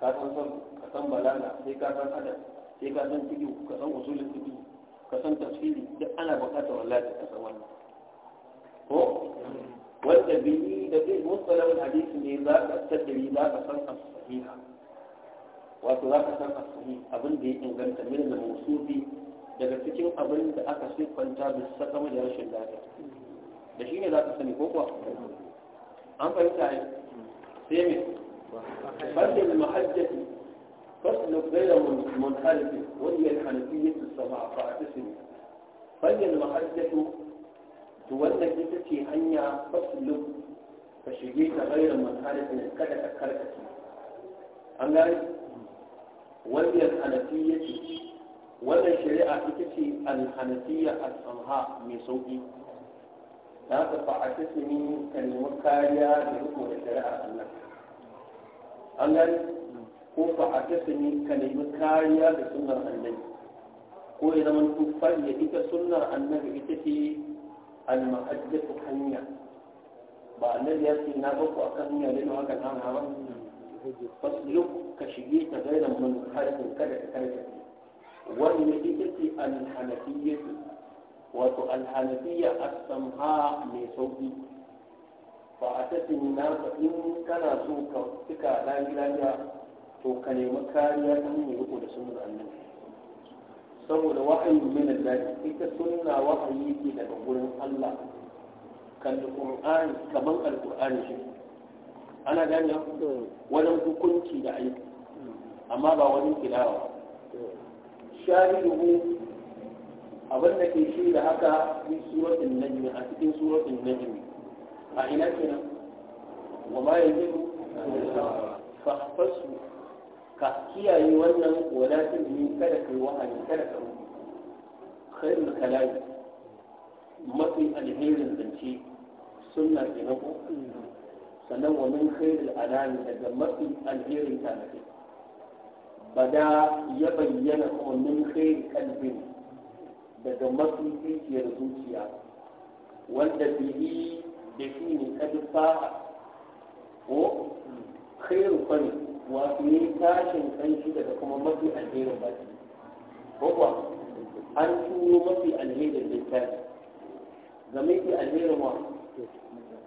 كاتم صم كاتم بلانا في كاتم ادب في كاتم تجيو كاتم وصول التجيو ka san tafsiri duk ana bukatar wallahi ka san wannan ko wanda bi da bi musallam hadisi ne za ka tadiri za ka san as-sahiha wato za ka san as-sahih abin da ya inganta min al-musufi daga cikin abin da aka siffanta da sakama da rashin lafiya da shi ne za ka sani ko kuwa an fahimta ne sai me fadil mahajjati فاسلك غير منحرف وهي الحنفية السماء فاعتصم فهي المحجة تولك تتي هنيا فاسلك فشجيت غير منحرف كذا كركتي أنغاري وهي الحنفية wannan shari'a ita ce alhanafiya al-samha mai sauki na ka fa'ata su ne ka nemi kariya da riko da shari'a Allah an gani ko fa a ne ka nemi kariya da sunnar annabi ko ya zama tufar ya ita sunnar annabi ita ce almahajjatu hanya ba annabi ya ce na ɗauko a kan hanya da nawa ka kama ba fasluk ka shige ta gaira mun harfin kada ka karkace wannan ita ce alhanafiyyatu wato alhanafiyya a samha mai sauƙi. ba a tasin na in kana so ka fika lafiya to ka nemi kariya ta hanyar riko da sunan annabi saboda wahayi min Allah ita sunna wahayi ke daga gurin Allah kan Qur'ani kaman Al-Qur'ani shi ana gane wajen hukunci da aiki amma ba wani kilawa shahidu abin da ke shi da haka fi suratul najmi a cikin suratul najmi a ina kenan wa ma yanzu fa fasu ka kiyaye wannan wala tadri kada kai wahani kada ka rubu khairul kalami mafi alherin zance sunna kenan ko sannan wa min khairul alami daga mafi alherin talafi bada ya bayyana kuma min khairul kalbin daga mafi zuciyar zuciya wanda bihi da shi ne kadfa ko khairu kwanin wato yi tashin kanshi daga kuma mafi alherin baki ko an turo mafi alherin littafi game ki alherin wa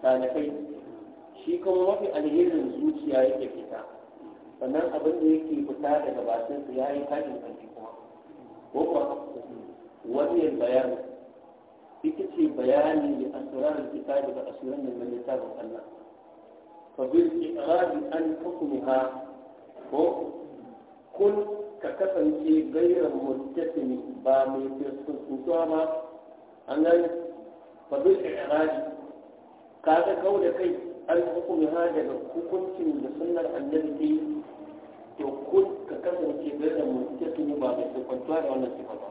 talakai shi kuma mafi alherin zuciya yake fita sannan abin da yake fita daga bakinsa ya yi tashin kanshi kuma ko wannan bayanin ita ce bayani da asirarin kitabi da asirarin da littafin Allah an عن ha? ko kun ka kasance gairar muttasimi ba mai tutuwa ba an gani fadul i'raji ka ga kau da kai an hukumi ha daga hukuncin da sunnar annabi ta yi to kun ka kasance gairar muttasimi ba mai tutuwa da wannan sifa ba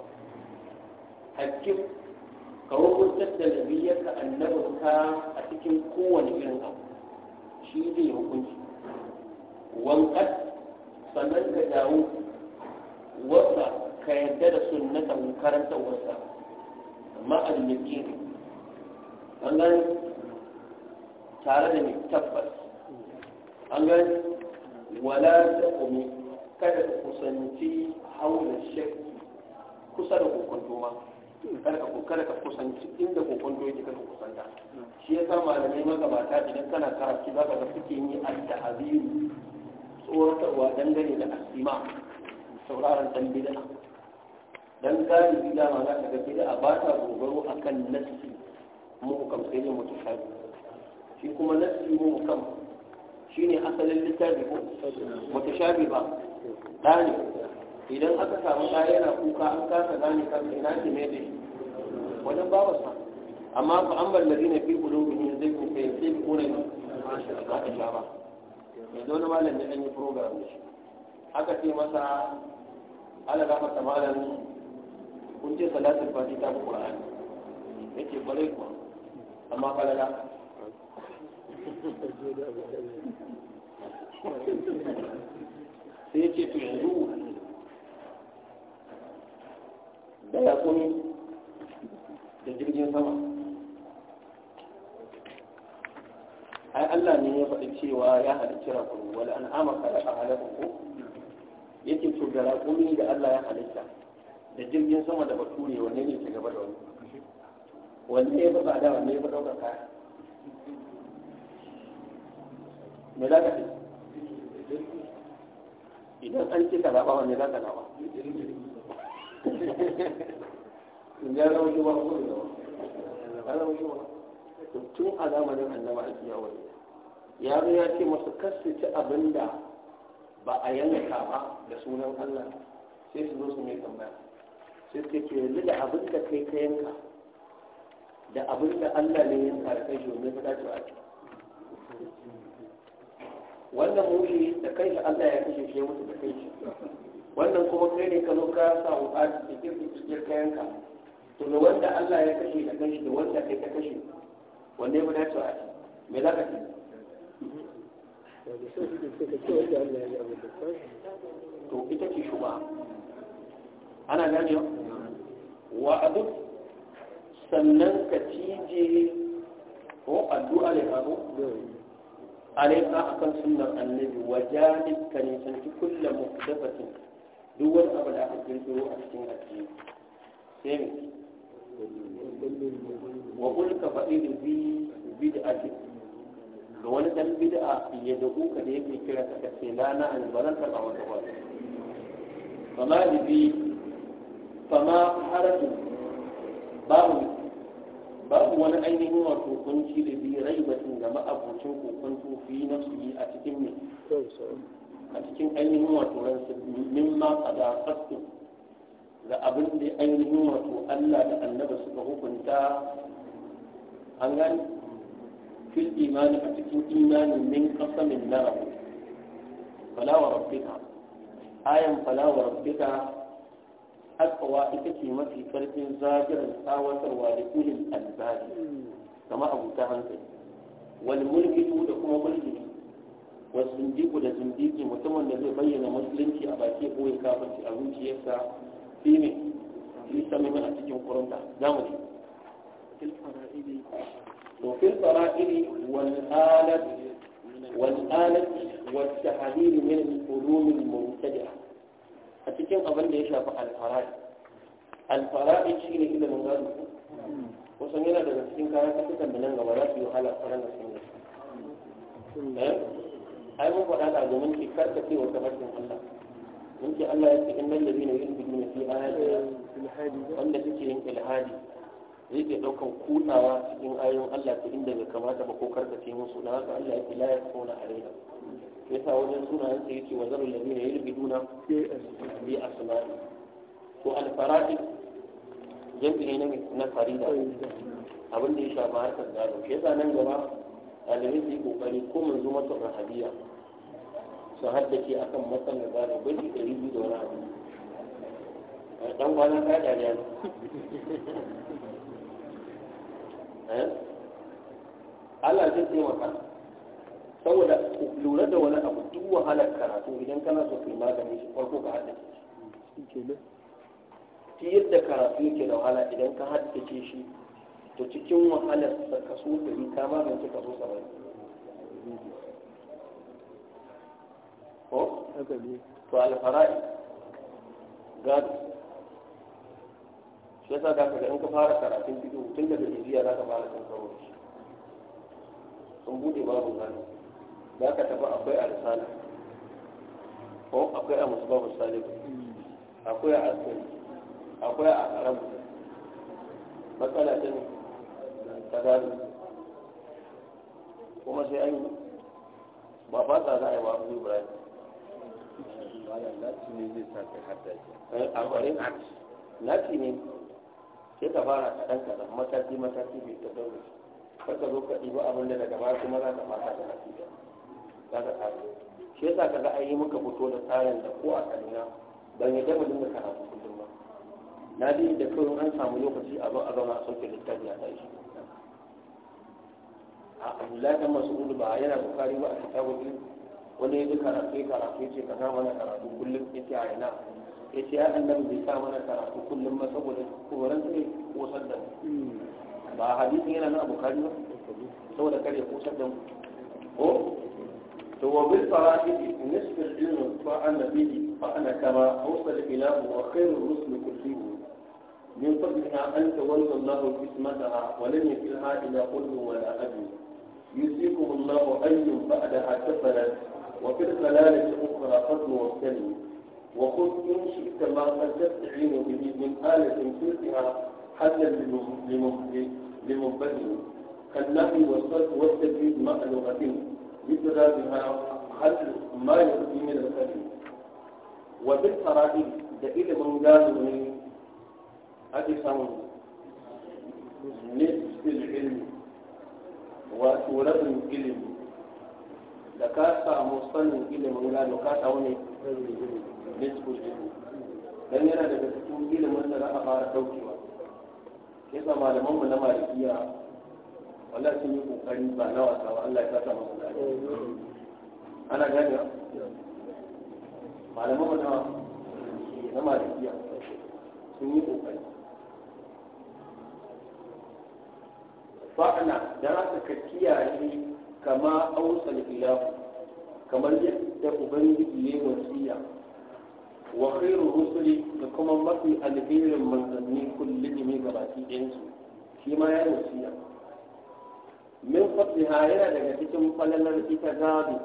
hakkin ka hukuntar da nabiyyarka annabinka a cikin kowane irin abu shi zai hukunci wankan. sannan ka dawo wasa ka yadda da sunnatan karanta wasa amma al-yaqin an gani tare da mai tabbas an gani wala da kome kada ka kusanci haula shakki kusa da kokonto ma kada ka kusanci inda kokonto yake kada kusanta shi ya da malamai magabata idan kana karatu za ka ga suke yi al-tahziru tsoratarwa dangane da asima sauraron dan bid'a dan galibi dama za ka ga bid'a ba ta dogaro akan nassi muhukam sai ne mutashabi shi kuma nassi kam shine asalin littafi ko mutashabi ba dani idan aka samu ɗaya yana kuka an kasa gane kan ina ce mai da shi wajen babu sa amma fa an ballari na fi kulubin zai kuka yanzu ko ne ba ta sha ba yanzu wani malam ne yi program shi aka ce masa ala gama tamalan kun ce salatul fati ta qur'ani yake bare kuwa amma falala sai ce to yanzu da ya kuni da jirgin sama ai Allah ne ya faɗi cewa ya halicci raƙumi wal a khalaqa halakum yake to da raƙumi da Allah ya halitta da jirgin sama da bature wanne ne ke gaba da wani wanne ya faɗa da wanne ya faɗa ɗaukar kaya me za ka ce idan an ce ka zaɓa wanne za ka zaɓa <laughs> in ya zama shi ba ko ne ba ya zama shi ba tun a zamanin annaba ake yawon yaro ya ce masu kasance abin da ba a yanka ba da sunan allah sai su zo su mai tambaya sai suke ce yanzu da abin da kai ka yanka da abin da allah ne yanka da kai shi wani a ce wannan mushi da kai shi allah ya kashe shi ya mutu da kai shi wannan kuma kai ne ka zo ka sa wuka cikin cikin kayanka to da wanda allah ya kashe da kai shi da wanda kai ka kashe wanda ya guda cewa me za ka ce to ita ce shuba ana gane wa abu sannan ka cije ko addu'a da hannu a kan sunnar annabi wa jadid ka ne san ki kulla muhdathatin duk wani abu da aka kirkiro a cikin addini sai wa ulka fa'ilu bi bid'ati ga wani dan bid'a ya dago kuka da yake kira ka kace la na an balan ka ba wata ba fama bi fama haratu ba babu wani ainihin wato kunci da bi raibatin ga ma'abucin kokonto fi nafsi a cikin ne a cikin ainihin wato su min mimma qada qastu da abin da ainihin wato Allah da annaba suka hukunta an gani fil imani a cikin imani min qasamin na rabu fala wa rabbika ayan fala rabbika aqwa ita ce mafi karfin zagiran tsawatarwa da ulil albabi kama abu ta hankali wal mulkitu da kuma mulki wasu zindiku da zindiki mutumin da zai bayyana musulunci a baki ko ya kafirci a zuciyarsa fi ne fi sami a cikin kurunta za mu ne وفي الفرائض والآلة والآلة والتحذير من العلوم المبتدعة أتكلم قبل ليش أبقى الفرائض الفرائض شيء إلا من غيره kusan yana daga cikin kayan kasukan da nan gaba za su yi wahala kwanan da sun yi ai mun faɗa da domin ki karkace wa gabatin Allah in ce Allah ya ce innal ladina yulhiduna fi ayatina wanda suke yin ilhadi zai ke ɗaukan kudawa cikin ayoyin Allah ta inda bai kamata ba ko karkace musu da haka Allah ya ce la yasuna alaina sa wajen sunayen sa yake wa zarul ladina yulhiduna bi asma'i Ko al fara'id jami'i ne na farida abin da ya shafa harkar gado Ke sa nan gaba ɗalibai su yi kokari ko mun zo masa rahabiya su haddace a kan matsan da da bai ɗari biyu da wani abu a ɗan kwanan ka dariya eh? Allah zai taimaka saboda lura da wani abu duk wahalar karatu idan kana so kai magani shi farko ka haddace shi ta yadda karatu yake da wahala idan ka haddace shi to cikin wahalar kaso ɗari ka magance so saba'in ko to alfara'i gado shi yasa da kaga in ka fara karatun bidiyo tun daga ijiya za ka fara cin karo shi sun bude babu gado za ka tafi akwai alisana ko akwai a babu salihu akwai a asiri akwai a arabu matsala ta ne ta gado kuma sai an yi ba fata za a yi wa ibrahim amfanin art nafi ne sai ka fara kaɗan kaɗan mataki mataki bai ta daure kar ka zo ka ɗiba abin da daga baya kuma za ka fata da nafi da za ka tsari shi yasa ka ga an yi muka fito da tsarin da ko a kalina ban yadda mu dinga karatu kullum ba na ji da kawai an samu lokaci a zo a zama a sauke littafi a tashi a abdullahi dan mas'ud ba yana bukari ba a kitabu ilmi wani ya ji karatu ya karatu ya ce ka sa mana karatu kullum ya ce a ina ya ce ya ɗan bai sa mana karatu kullum ba saboda koran sai kosar da ba a hadisin yana nan a bukari ba saboda kare kosar da mu ko to wa bil fara'idi nisfil ilm fa anna bihi fa ana kama awsal ilahu wa khairur rusul kulluhu من فضلها أن تولى الله قسمتها ولن يكلها إلى قلب ولا أبي يوصيكم الله أن بعدها كفلت وفي الخلالة أخرى قد وسلم وخذ إن شئت ما قد تستعين به من آلة فيها حتى لمبتلي كالنهي والتدريب مع لغة مثل بها حتى ما يؤتي من الخلي وفي الخرائط دليل من قالوا من أبي العلم وسورة العلم da ka samu sanin ilimin gado ka samu ne rizkul ilmi dan yana daga cikin ilimin da za a fara daukewa ke sa malaman mu na malikiya Wala sun yi kokari ba na wasa ba Allah ya saka musu da ana gane malaman mu na malikiya sun yi kokari fa'ana da za ka kiyaye kama ausal ilahu kamar yadda ubangiji ya wasiya wa khairu rusuli da kuma mafi alherin manzanni kullum ne gabaki ɗayansu shi ma ya wasiya min fadliha yana daga cikin falalar ita gado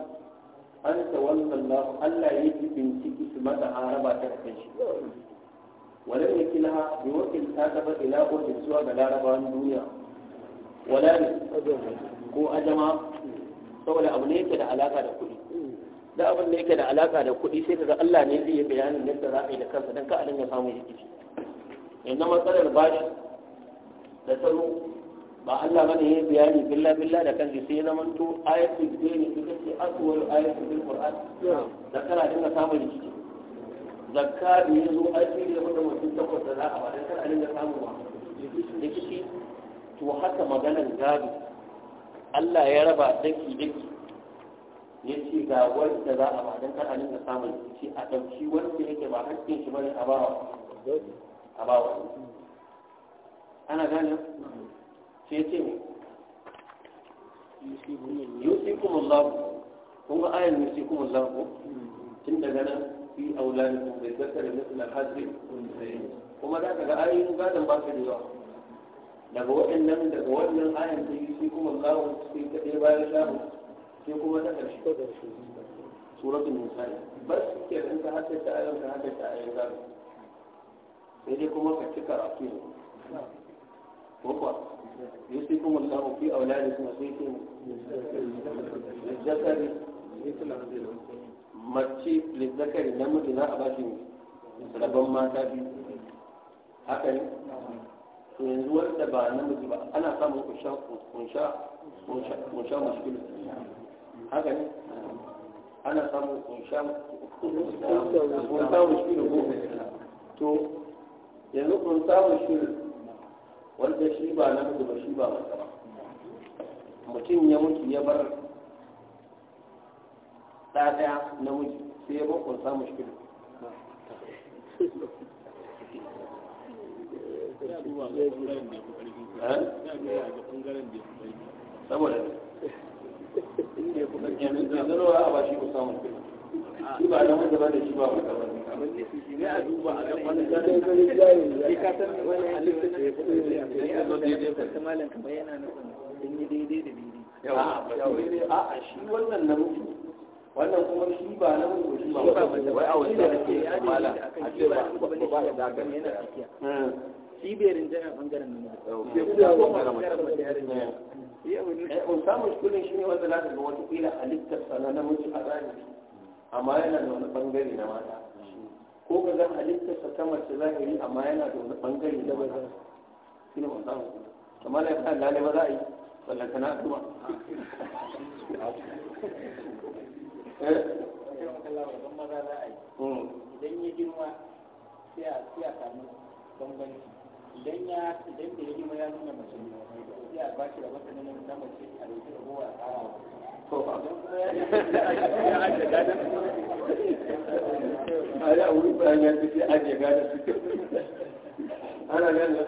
an tawalla Allah Allah ya yi binciki su mata haraba ta kai shi ne yakilha bi wakil ta taba ila ko zuwa ga larabawan duniya wala ne ko adama saboda abu ne yake da alaka da kuɗi da abin da yake da alaka da kuɗi sai kaga Allah ne zai yi bayanin yadda za a yi da kansa don ka a dinga samun rikici yanzu matsalar bashi da tsaro ba Allah bane yayi bayani billa billa da kansa sai zama to ayatul dini ita ce aswal ayatul qur'an da kana dinga samun rikici zakka da ya zo aiki da wanda mutum takwas da za a ba dan kana dinga samun rikici to haka maganar gado Allah ya raba daki daki ya ce ga wanda za a bada don alin da samun shi a dauki wanda yake ba hakkin shi bane a ba a ba wa ana gane sai ce ne yusikum Allah kun ga ayar yusikum Allah ko tun daga nan fi aulani ku bai zakara misal hajji kuma za ka ga ayoyin gadon ba ka da yawa daga waɗannan daga wannan ayan da yi kuma kawo sai ta bayar da mu sai kuma ta karshe ta ƙarshe suratul nisa'i bas ke nan ka haka ta ayan ka haka ta ayan da sai dai kuma ka cika rafi ko ko yusi kuma Allahu fi kuma sai ke zakari mace lizzakari namiji na a ba shi rabon mata biyu haka ne to yanzu wanda ba namiji ba ana samun kunsha kunsha kunsha mushkila haka ne ana samun kunsha kunsha mushkila ko to yanzu kunsha mushkila wanda shi ba namiji ba shi ba mace ba mutum ya mutu ya bar ɗaya namiji sai ya bakon samun shi saboda inda ya a shi ba da wanda ba da shi ba ba da wani ne a duba a wani da yawa a shi wannan namiji wannan kuma shi ba na mutu shi ba wai a wani da ake a ce ba ba da shi bai rinjaya bangaren nan da samun kullum shi ne wanda za ka ga wata kila halittar sana na mutu a zahiri amma yana da wani bangare na mata ko ka ga halittarsa ta mace zahiri amma yana da wani bangare na maza shi ne wanda kamar da kan lalai ba za a yi ballanta na addu'a eh. hmm. idan ya girma sai a sami bambanci idan ya idan da ya ya nuna mace ne ya ba shi da mace ne na mace a dauki da gowa a tsara to ba don kuma ya ya aje gadon su a wuri bayan ya ce aje gadon su ana gane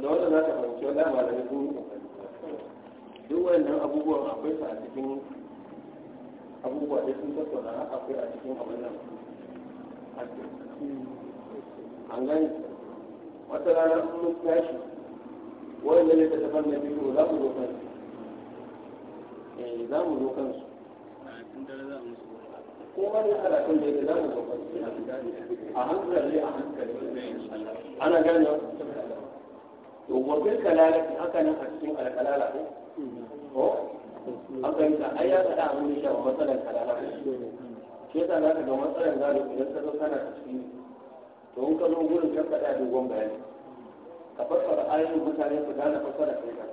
da wanda za ta fahimci wanda malamai sun duk wannan abubuwan akwai su a cikin abubuwa da sun tattauna akwai a cikin abin nan an gani wata rana kuma mun tashi wanda ne ta taɓa na biyu za mu zo kansu eh, za mu zo su? ko ba ne karatun da yake za mu zo su? a hankali a hankali ana gane to wabin kalalati haka nan a cikin alkalala ko ko? an fahimta ai ya da abin da ya shafi matsalar kalala shi yasa za ka ga matsalar gado idan ta zo kana cikin to in ka zo gurin kan faɗa dogon bayani ka fassara ayoyin mutane su gane fassara kai ka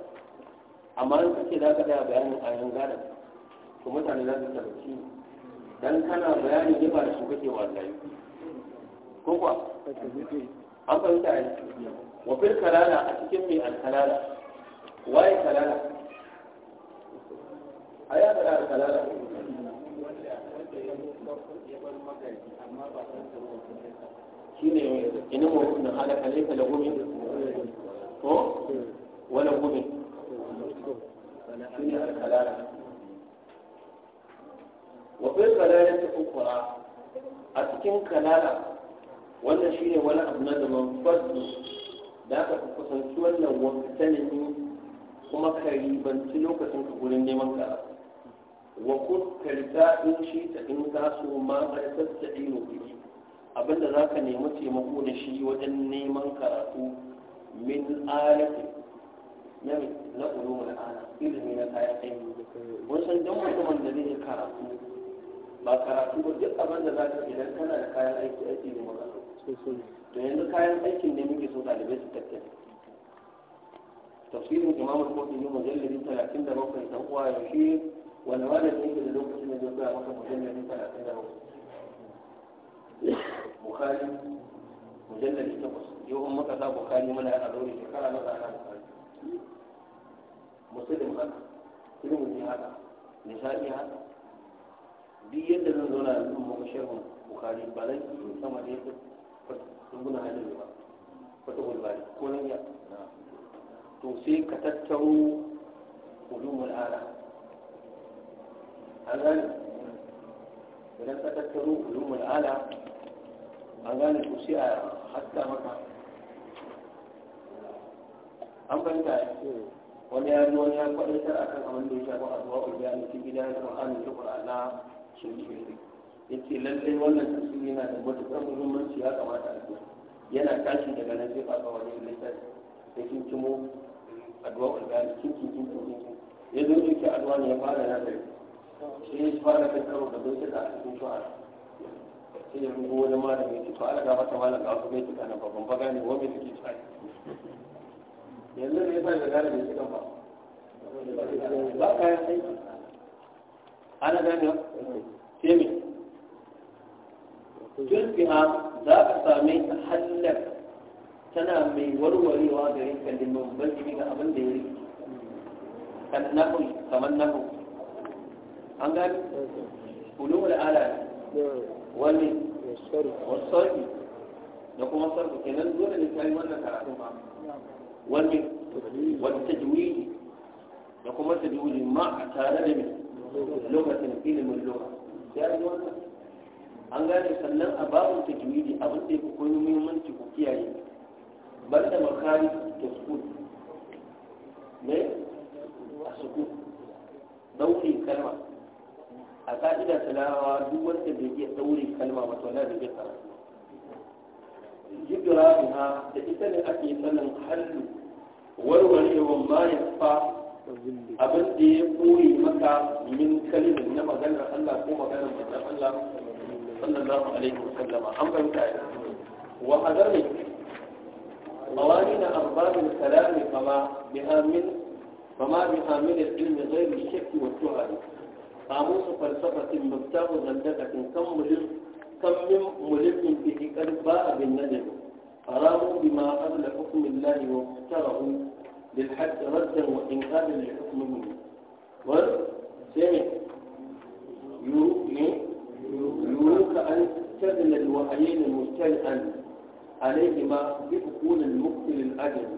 amma in ce za ka tsaya bayanin ayoyin gane to mutane za su tabbaci dan kana bayani ne ba da su kake wallahi ko kuwa an fahimta a yi wa fil kalala a cikin mai alkalala waye kalala a ya faɗa alkalala amma ba san shine ina mawdu na halaka laysa lahu min ko wala gubin shine al-kalala wa fil kalala ukhra a cikin kalala wannan shine wani abu na da manfadu da aka kusanci wannan wata ne kuma ka ribanci lokacin ka gurin neman ka wa kun karta in shi ta in za su ma ka tattaɗi mu biki abinda za ka nemi taimako da shi wajen neman karatu min alifi na ulumul ana ilimi na kayan aiki wasan don mutumin da zai karatu ba karatu ba duk abin da za ka idan kana da kayan aiki aiki ne maka to yanzu kayan aikin ne muke so ɗalibai su tattace tafsirin imamu al-qurtubi mujalladi 37 dan uwa yaushe wani malami yake da lokacin da zai koya maka mujalladi 37 bukari mujallali takwas yau an maka sa bukari mana a zaune shekara na da bukari musulun haka ilimin haka nisa'i haka duk yadda zan zauna da zuwa maka sharhun bukari ba zan yi sama da yadda rubuna hajjar ba wata gulbari ko nan ya to sai ka tattaro ulumul ala an gani idan ka tattaro ulumul ala an gane ku sai a haska maka an fahimta wani ya zo ya kwadatar a kan abin da ya shafi azuwa ulbiya na cikin gida da ƙwa'anin da ƙwa'ana sun ce ya ce lallai wannan tasiri yana da matuƙar muhimmanci ya kamata a biya yana tashi daga nan zai faɗa wani littafi da kinkimo aduwa ulbiya da kinkin kinkin kinkin ya zo yake aduwa ne ya fara na gari sai ya fara da karo da bai tuka cikin shu'ar sai ya rubo wani malami ya ce ala gaba ta malam ga wasu babban ba yanzu ne ba da gane bai tuka ba ba kayan aiki ana gane sai me turfiha za ka same ta hallar tana mai warwarewa garin kallin mabbalci ga abin da ya rike kan nahu kamar nahu an gani ulumul ala wani wasarfi da kuma sarfi kenan dole ne kai wannan karatu ba wani wata tajwidi da kuma tajwidi ma a tare da lokacin ilimin lura ya yi wannan an gane sannan a babin tajwidi abin da ya fi koyi muhimmanci ku kiyaye banda makari ta sukun ne a sukun ɗauke kalma a ka'ida ta larawa duk wanda bai iya ɗaure kalma ba to na da bai karatu jibra ina da ita ne ake sanin hallu warwarewan ma ya fa abin da ya koyi maka min kalmin na maganar Allah ko maganar manzon Allah sallallahu alaihi wasallam an fahimta ya wa hadari قوانين أرباب الكلام فما بها من فما بها من العلم غير الشك والتهم قاموس فلسفة مفتاح زندقة كم ملف كم من ملف به قد باء بالندم أراه بما قبل حكم الله وافترعوا للحد ردا وإنقاذا لحكمه والثاني يروك أن تبل الوحيين مجتمعا عليهما بحقول المقتل الأجل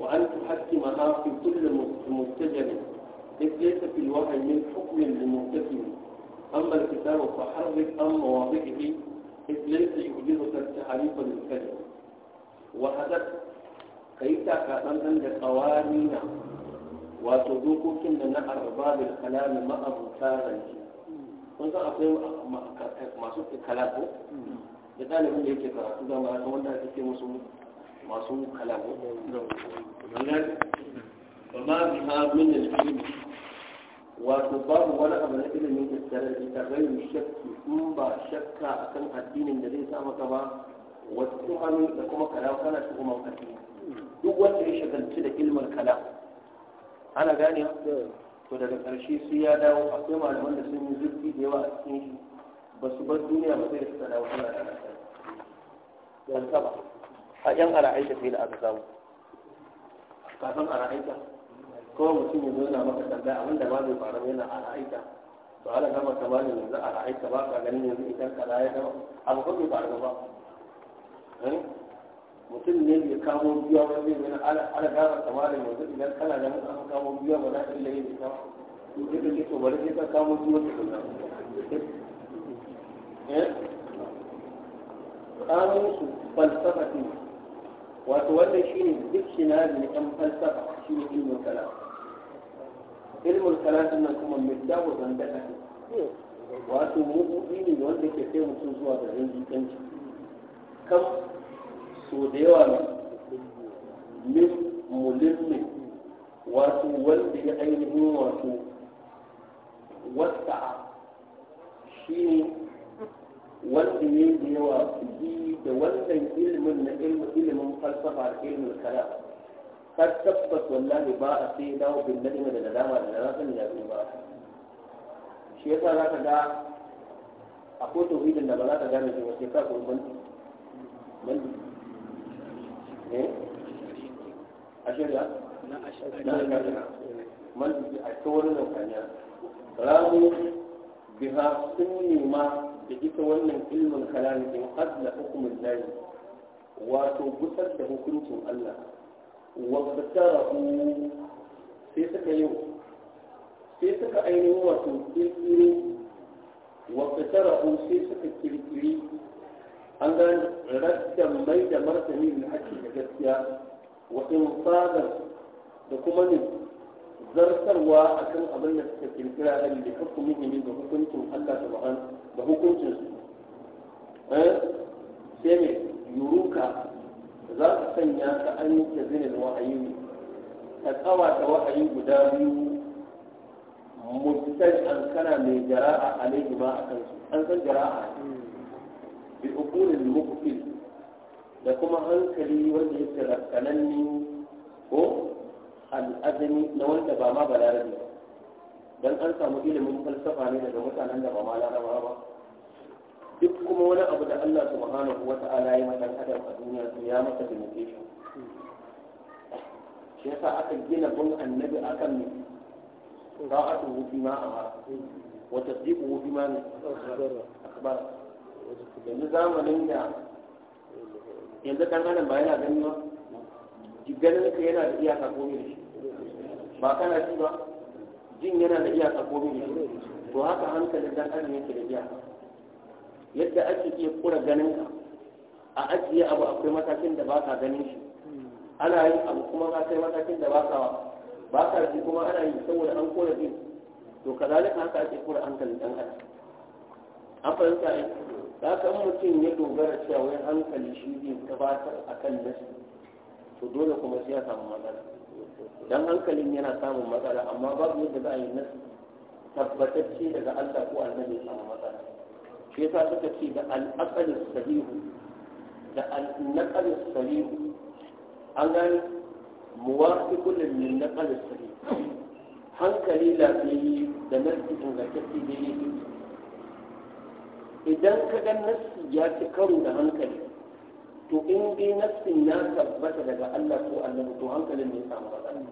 وأن تحكمها في كل مستجد إذ ليس في الوحي من حكم لمنتسم أما الكتاب فحرك أم مواضعه إذ ليس يؤذنك التحريف للكذب وهذا كيف تعتمد أن القوانين وتذوق كن نحر باب الكلام ما أبو كارنج كنت أقول ما ما كلامه إذا لم يجد كلامه إذا ما أقول ذلك في مسوم مسوم كلامه فما بها من الكلمه wato babu wani abu na ilimin tattare ta ita gairu shakki in ba shakka akan addinin da zai sa maka ba wasu hannu da kuma kalam kana tuhuman addini duk wanda ya shagalci da ilmin kalam ana gane to daga ƙarshe su ya dawo akwai malaman da sun yi zurfi da yawa a cikin shi ba su bar duniya ba sai da suka dawo suna da ba. a yan ara'aita sai da aka samu kafin ara'aita ko mutum ya zo maka sanda abinda ba zai faru yana a ra'aita to ana gama tamamin yanzu a ra'aita ba ka ganin yanzu idan kaza ya gama abu ko bai faru ba eh? mutum ne bai kamo biya ba zai yana ana gama tamamin yanzu idan kana ganin an kamo biya ba za ka iya yin ita to duk da to bari sai ka kamo biya ta kuma eh? tsarin su falsafa wato wannan shine duk shi na sinadin ɗan falsafa shine ilmin kalam ilmul karatun nan kuma mai dawo zandaka ne wato mubuɗi ne wanda ke kai mutum zuwa ga rinjikanci kam so da yawa ne min mulimmi wato wanda ya ainihin wato wasa shi ne wanda ne da yawa da wannan ilimin na ilimin falsafa ilimin karatun kar tabbas wallahi ba a sai dawo bin nadima da nadama da na sani ya zo ba shi yasa za ka ga a ko tauhidin da ba za ka gane shi wace ka kurban ne eh? a shirya na a shirya man a ta wani ramu biha sun nema da ita wannan ilmin kalamin in azla hukumin lahi wato gusar da hukuncin Allah واقترفوا في سكيو في سك أين هو تنكيري واقترفوا في سك كيري أن رد ميت مرتني من حكي جدتيا وإنصادا دكمني zartarwa akan abin da suka kirkira da da hukumin da hukuncin Allah subhanahu da hukuncin su sai ne yuruka za ka sanya ka an yi ta zinin wa'ayi ta kawata wa'ayi guda biyu mutsari an mai jara'a alaihi ba a kansu an san jara'a hmm. bi ukunin mukfil da kuma hankali wanda yake rakkananni ko al'azami na wanda ba ma balarabe ba don an samu ilimin falsafa ne daga mutanen da ba ma larabawa ba duk kuma wani abu da Allah subhanahu wa ta'ala ya mata adam a duniya to ya mata limitation shi yasa aka gina bin annabi akan ne ra'atu fi ma amara wata tasdiqu fi ma ne akbar yanzu zamanin da yanzu dan adam ba yana gani ba ganin ka yana da iyaka ko ne ba kana ji ba jin yana da iyaka ko ne to haka hankalin dan adam yake da iyaka yadda ake iya kura ganin ka a ajiye abu akwai matakin da ba ka ganin shi ana yi abu kuma ka kai matakin da ba ka ba ka ji kuma ana yi saboda an kura din to kazalika haka ake kura hankali dan adam an fahimta ai da haka mutum ya dogara cewa wai hankali shi zai gabatar akan nasi to dole kuma sai ya samu matsala dan hankalin yana samun matsala amma babu yadda za a yi nasi tabbatacce daga Allah ko annabi samu matsala shi yasa suka ce da al'aqal salihu da al'aqal salihu an gani kullum ne na naqal salihu hankali lafiyayye da nasi ingantacce ne idan ka ga nasi ya ci karo da hankali to in dai nassin na tabbata daga Allah ko Allah to hankalin ne samu matsala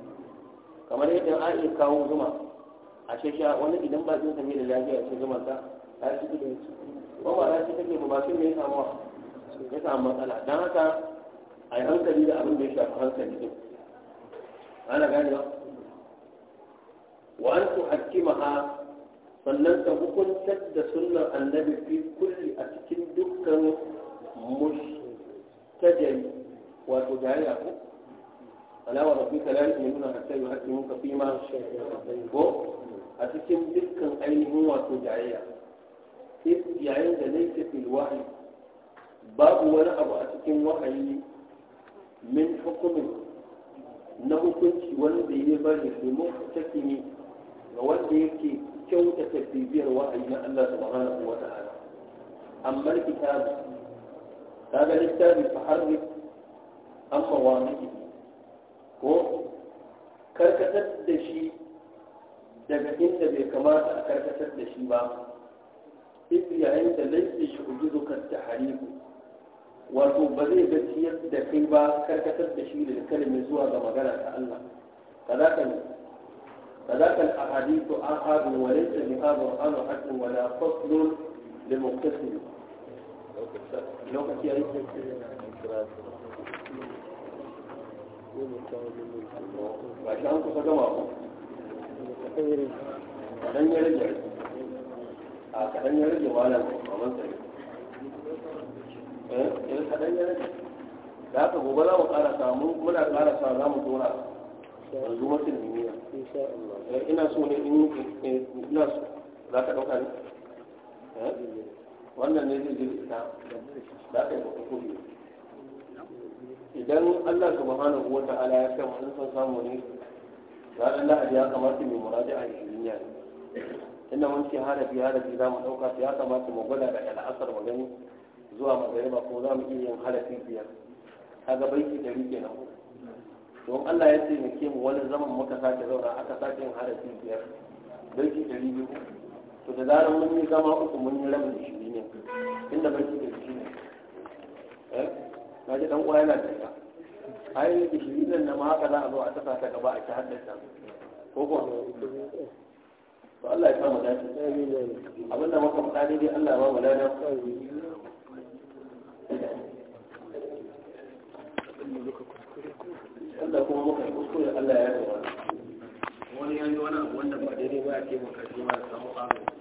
kamar yadda a kawo zuma a shasha wani idan ba zai sami da lafiya ce zuma ta ta ci gudun ci wawa ta ci take ba bashin mai samuwa ya samu matsala don haka a yi hankali da abin da ya shafi hankali din ana gane ba wa an tu hakkimaha sannan ta hukuntar da sunan annabi fi kulli a cikin dukkan mustajari wato jariya ko alawa rabbika la yu'minuna hatta yuhakkimuka fima shay'a ko a cikin dukkan ainihin wato jariya. yayin da laifin fil wahayi babu wani abu a cikin wahayi min hukumin na hukunci wanda ya bari domin take ne ga wanda yake kyautata bibiyar wahayi na Allah subhanahu wa ta'ala amma kitabu kaga littafi fa harbi amma wani ko karkatar da shi daga inda bai kamata a karkatar da shi ba إذ يعيد ليس يعجزك التحريك وتوبذي بسي الدقيبة كتبت التشميل الكلمة زوها كما قالت الله فذاك فذاك الأحاديث أحد وليس لهذا الأمر حتى ولا فصل لمقتصر لو كنت يعيش في الكلام عشان a kaɗan ya rage malam a mansari eh kaɗan ya rage da haka gobe za mu ƙara sa muna ƙara sa za mu tura yanzu masu limiya eh, ina so ne in ina so za ka ɗauka ne eh? wannan ne zai jirgin ta za ka yi ba kuɗi idan Allah subhanahu wa ta'ala ya kai mu san samu ne ranar lahadi ya kamata mai muraji a duniya ne inda mun ce harafi harafi za mu ɗauka ya kamata mu gwada da al'asar mu gani zuwa magariba ko za mu iya yin harafi biyar kaga baiti dari kenan don Allah ya taimake mu wani zaman muka sake zauna aka sake yin harafi biyar baiti dari biyu to da zarar mun yi zama uku mun yi rabin shi ne inda baiti dari shi ne eh na ji dan uwa yana da tafiya ai da shi nan na ma haka za a zo a tafa ta gaba a ci haddasa ko ko to Allah ya sa mu dace abin da muka faɗa dai Allah ya ba mu lada Allah kuma muka kuskure Allah ya yi wani yanzu ba daidai ba ya shi ma da samu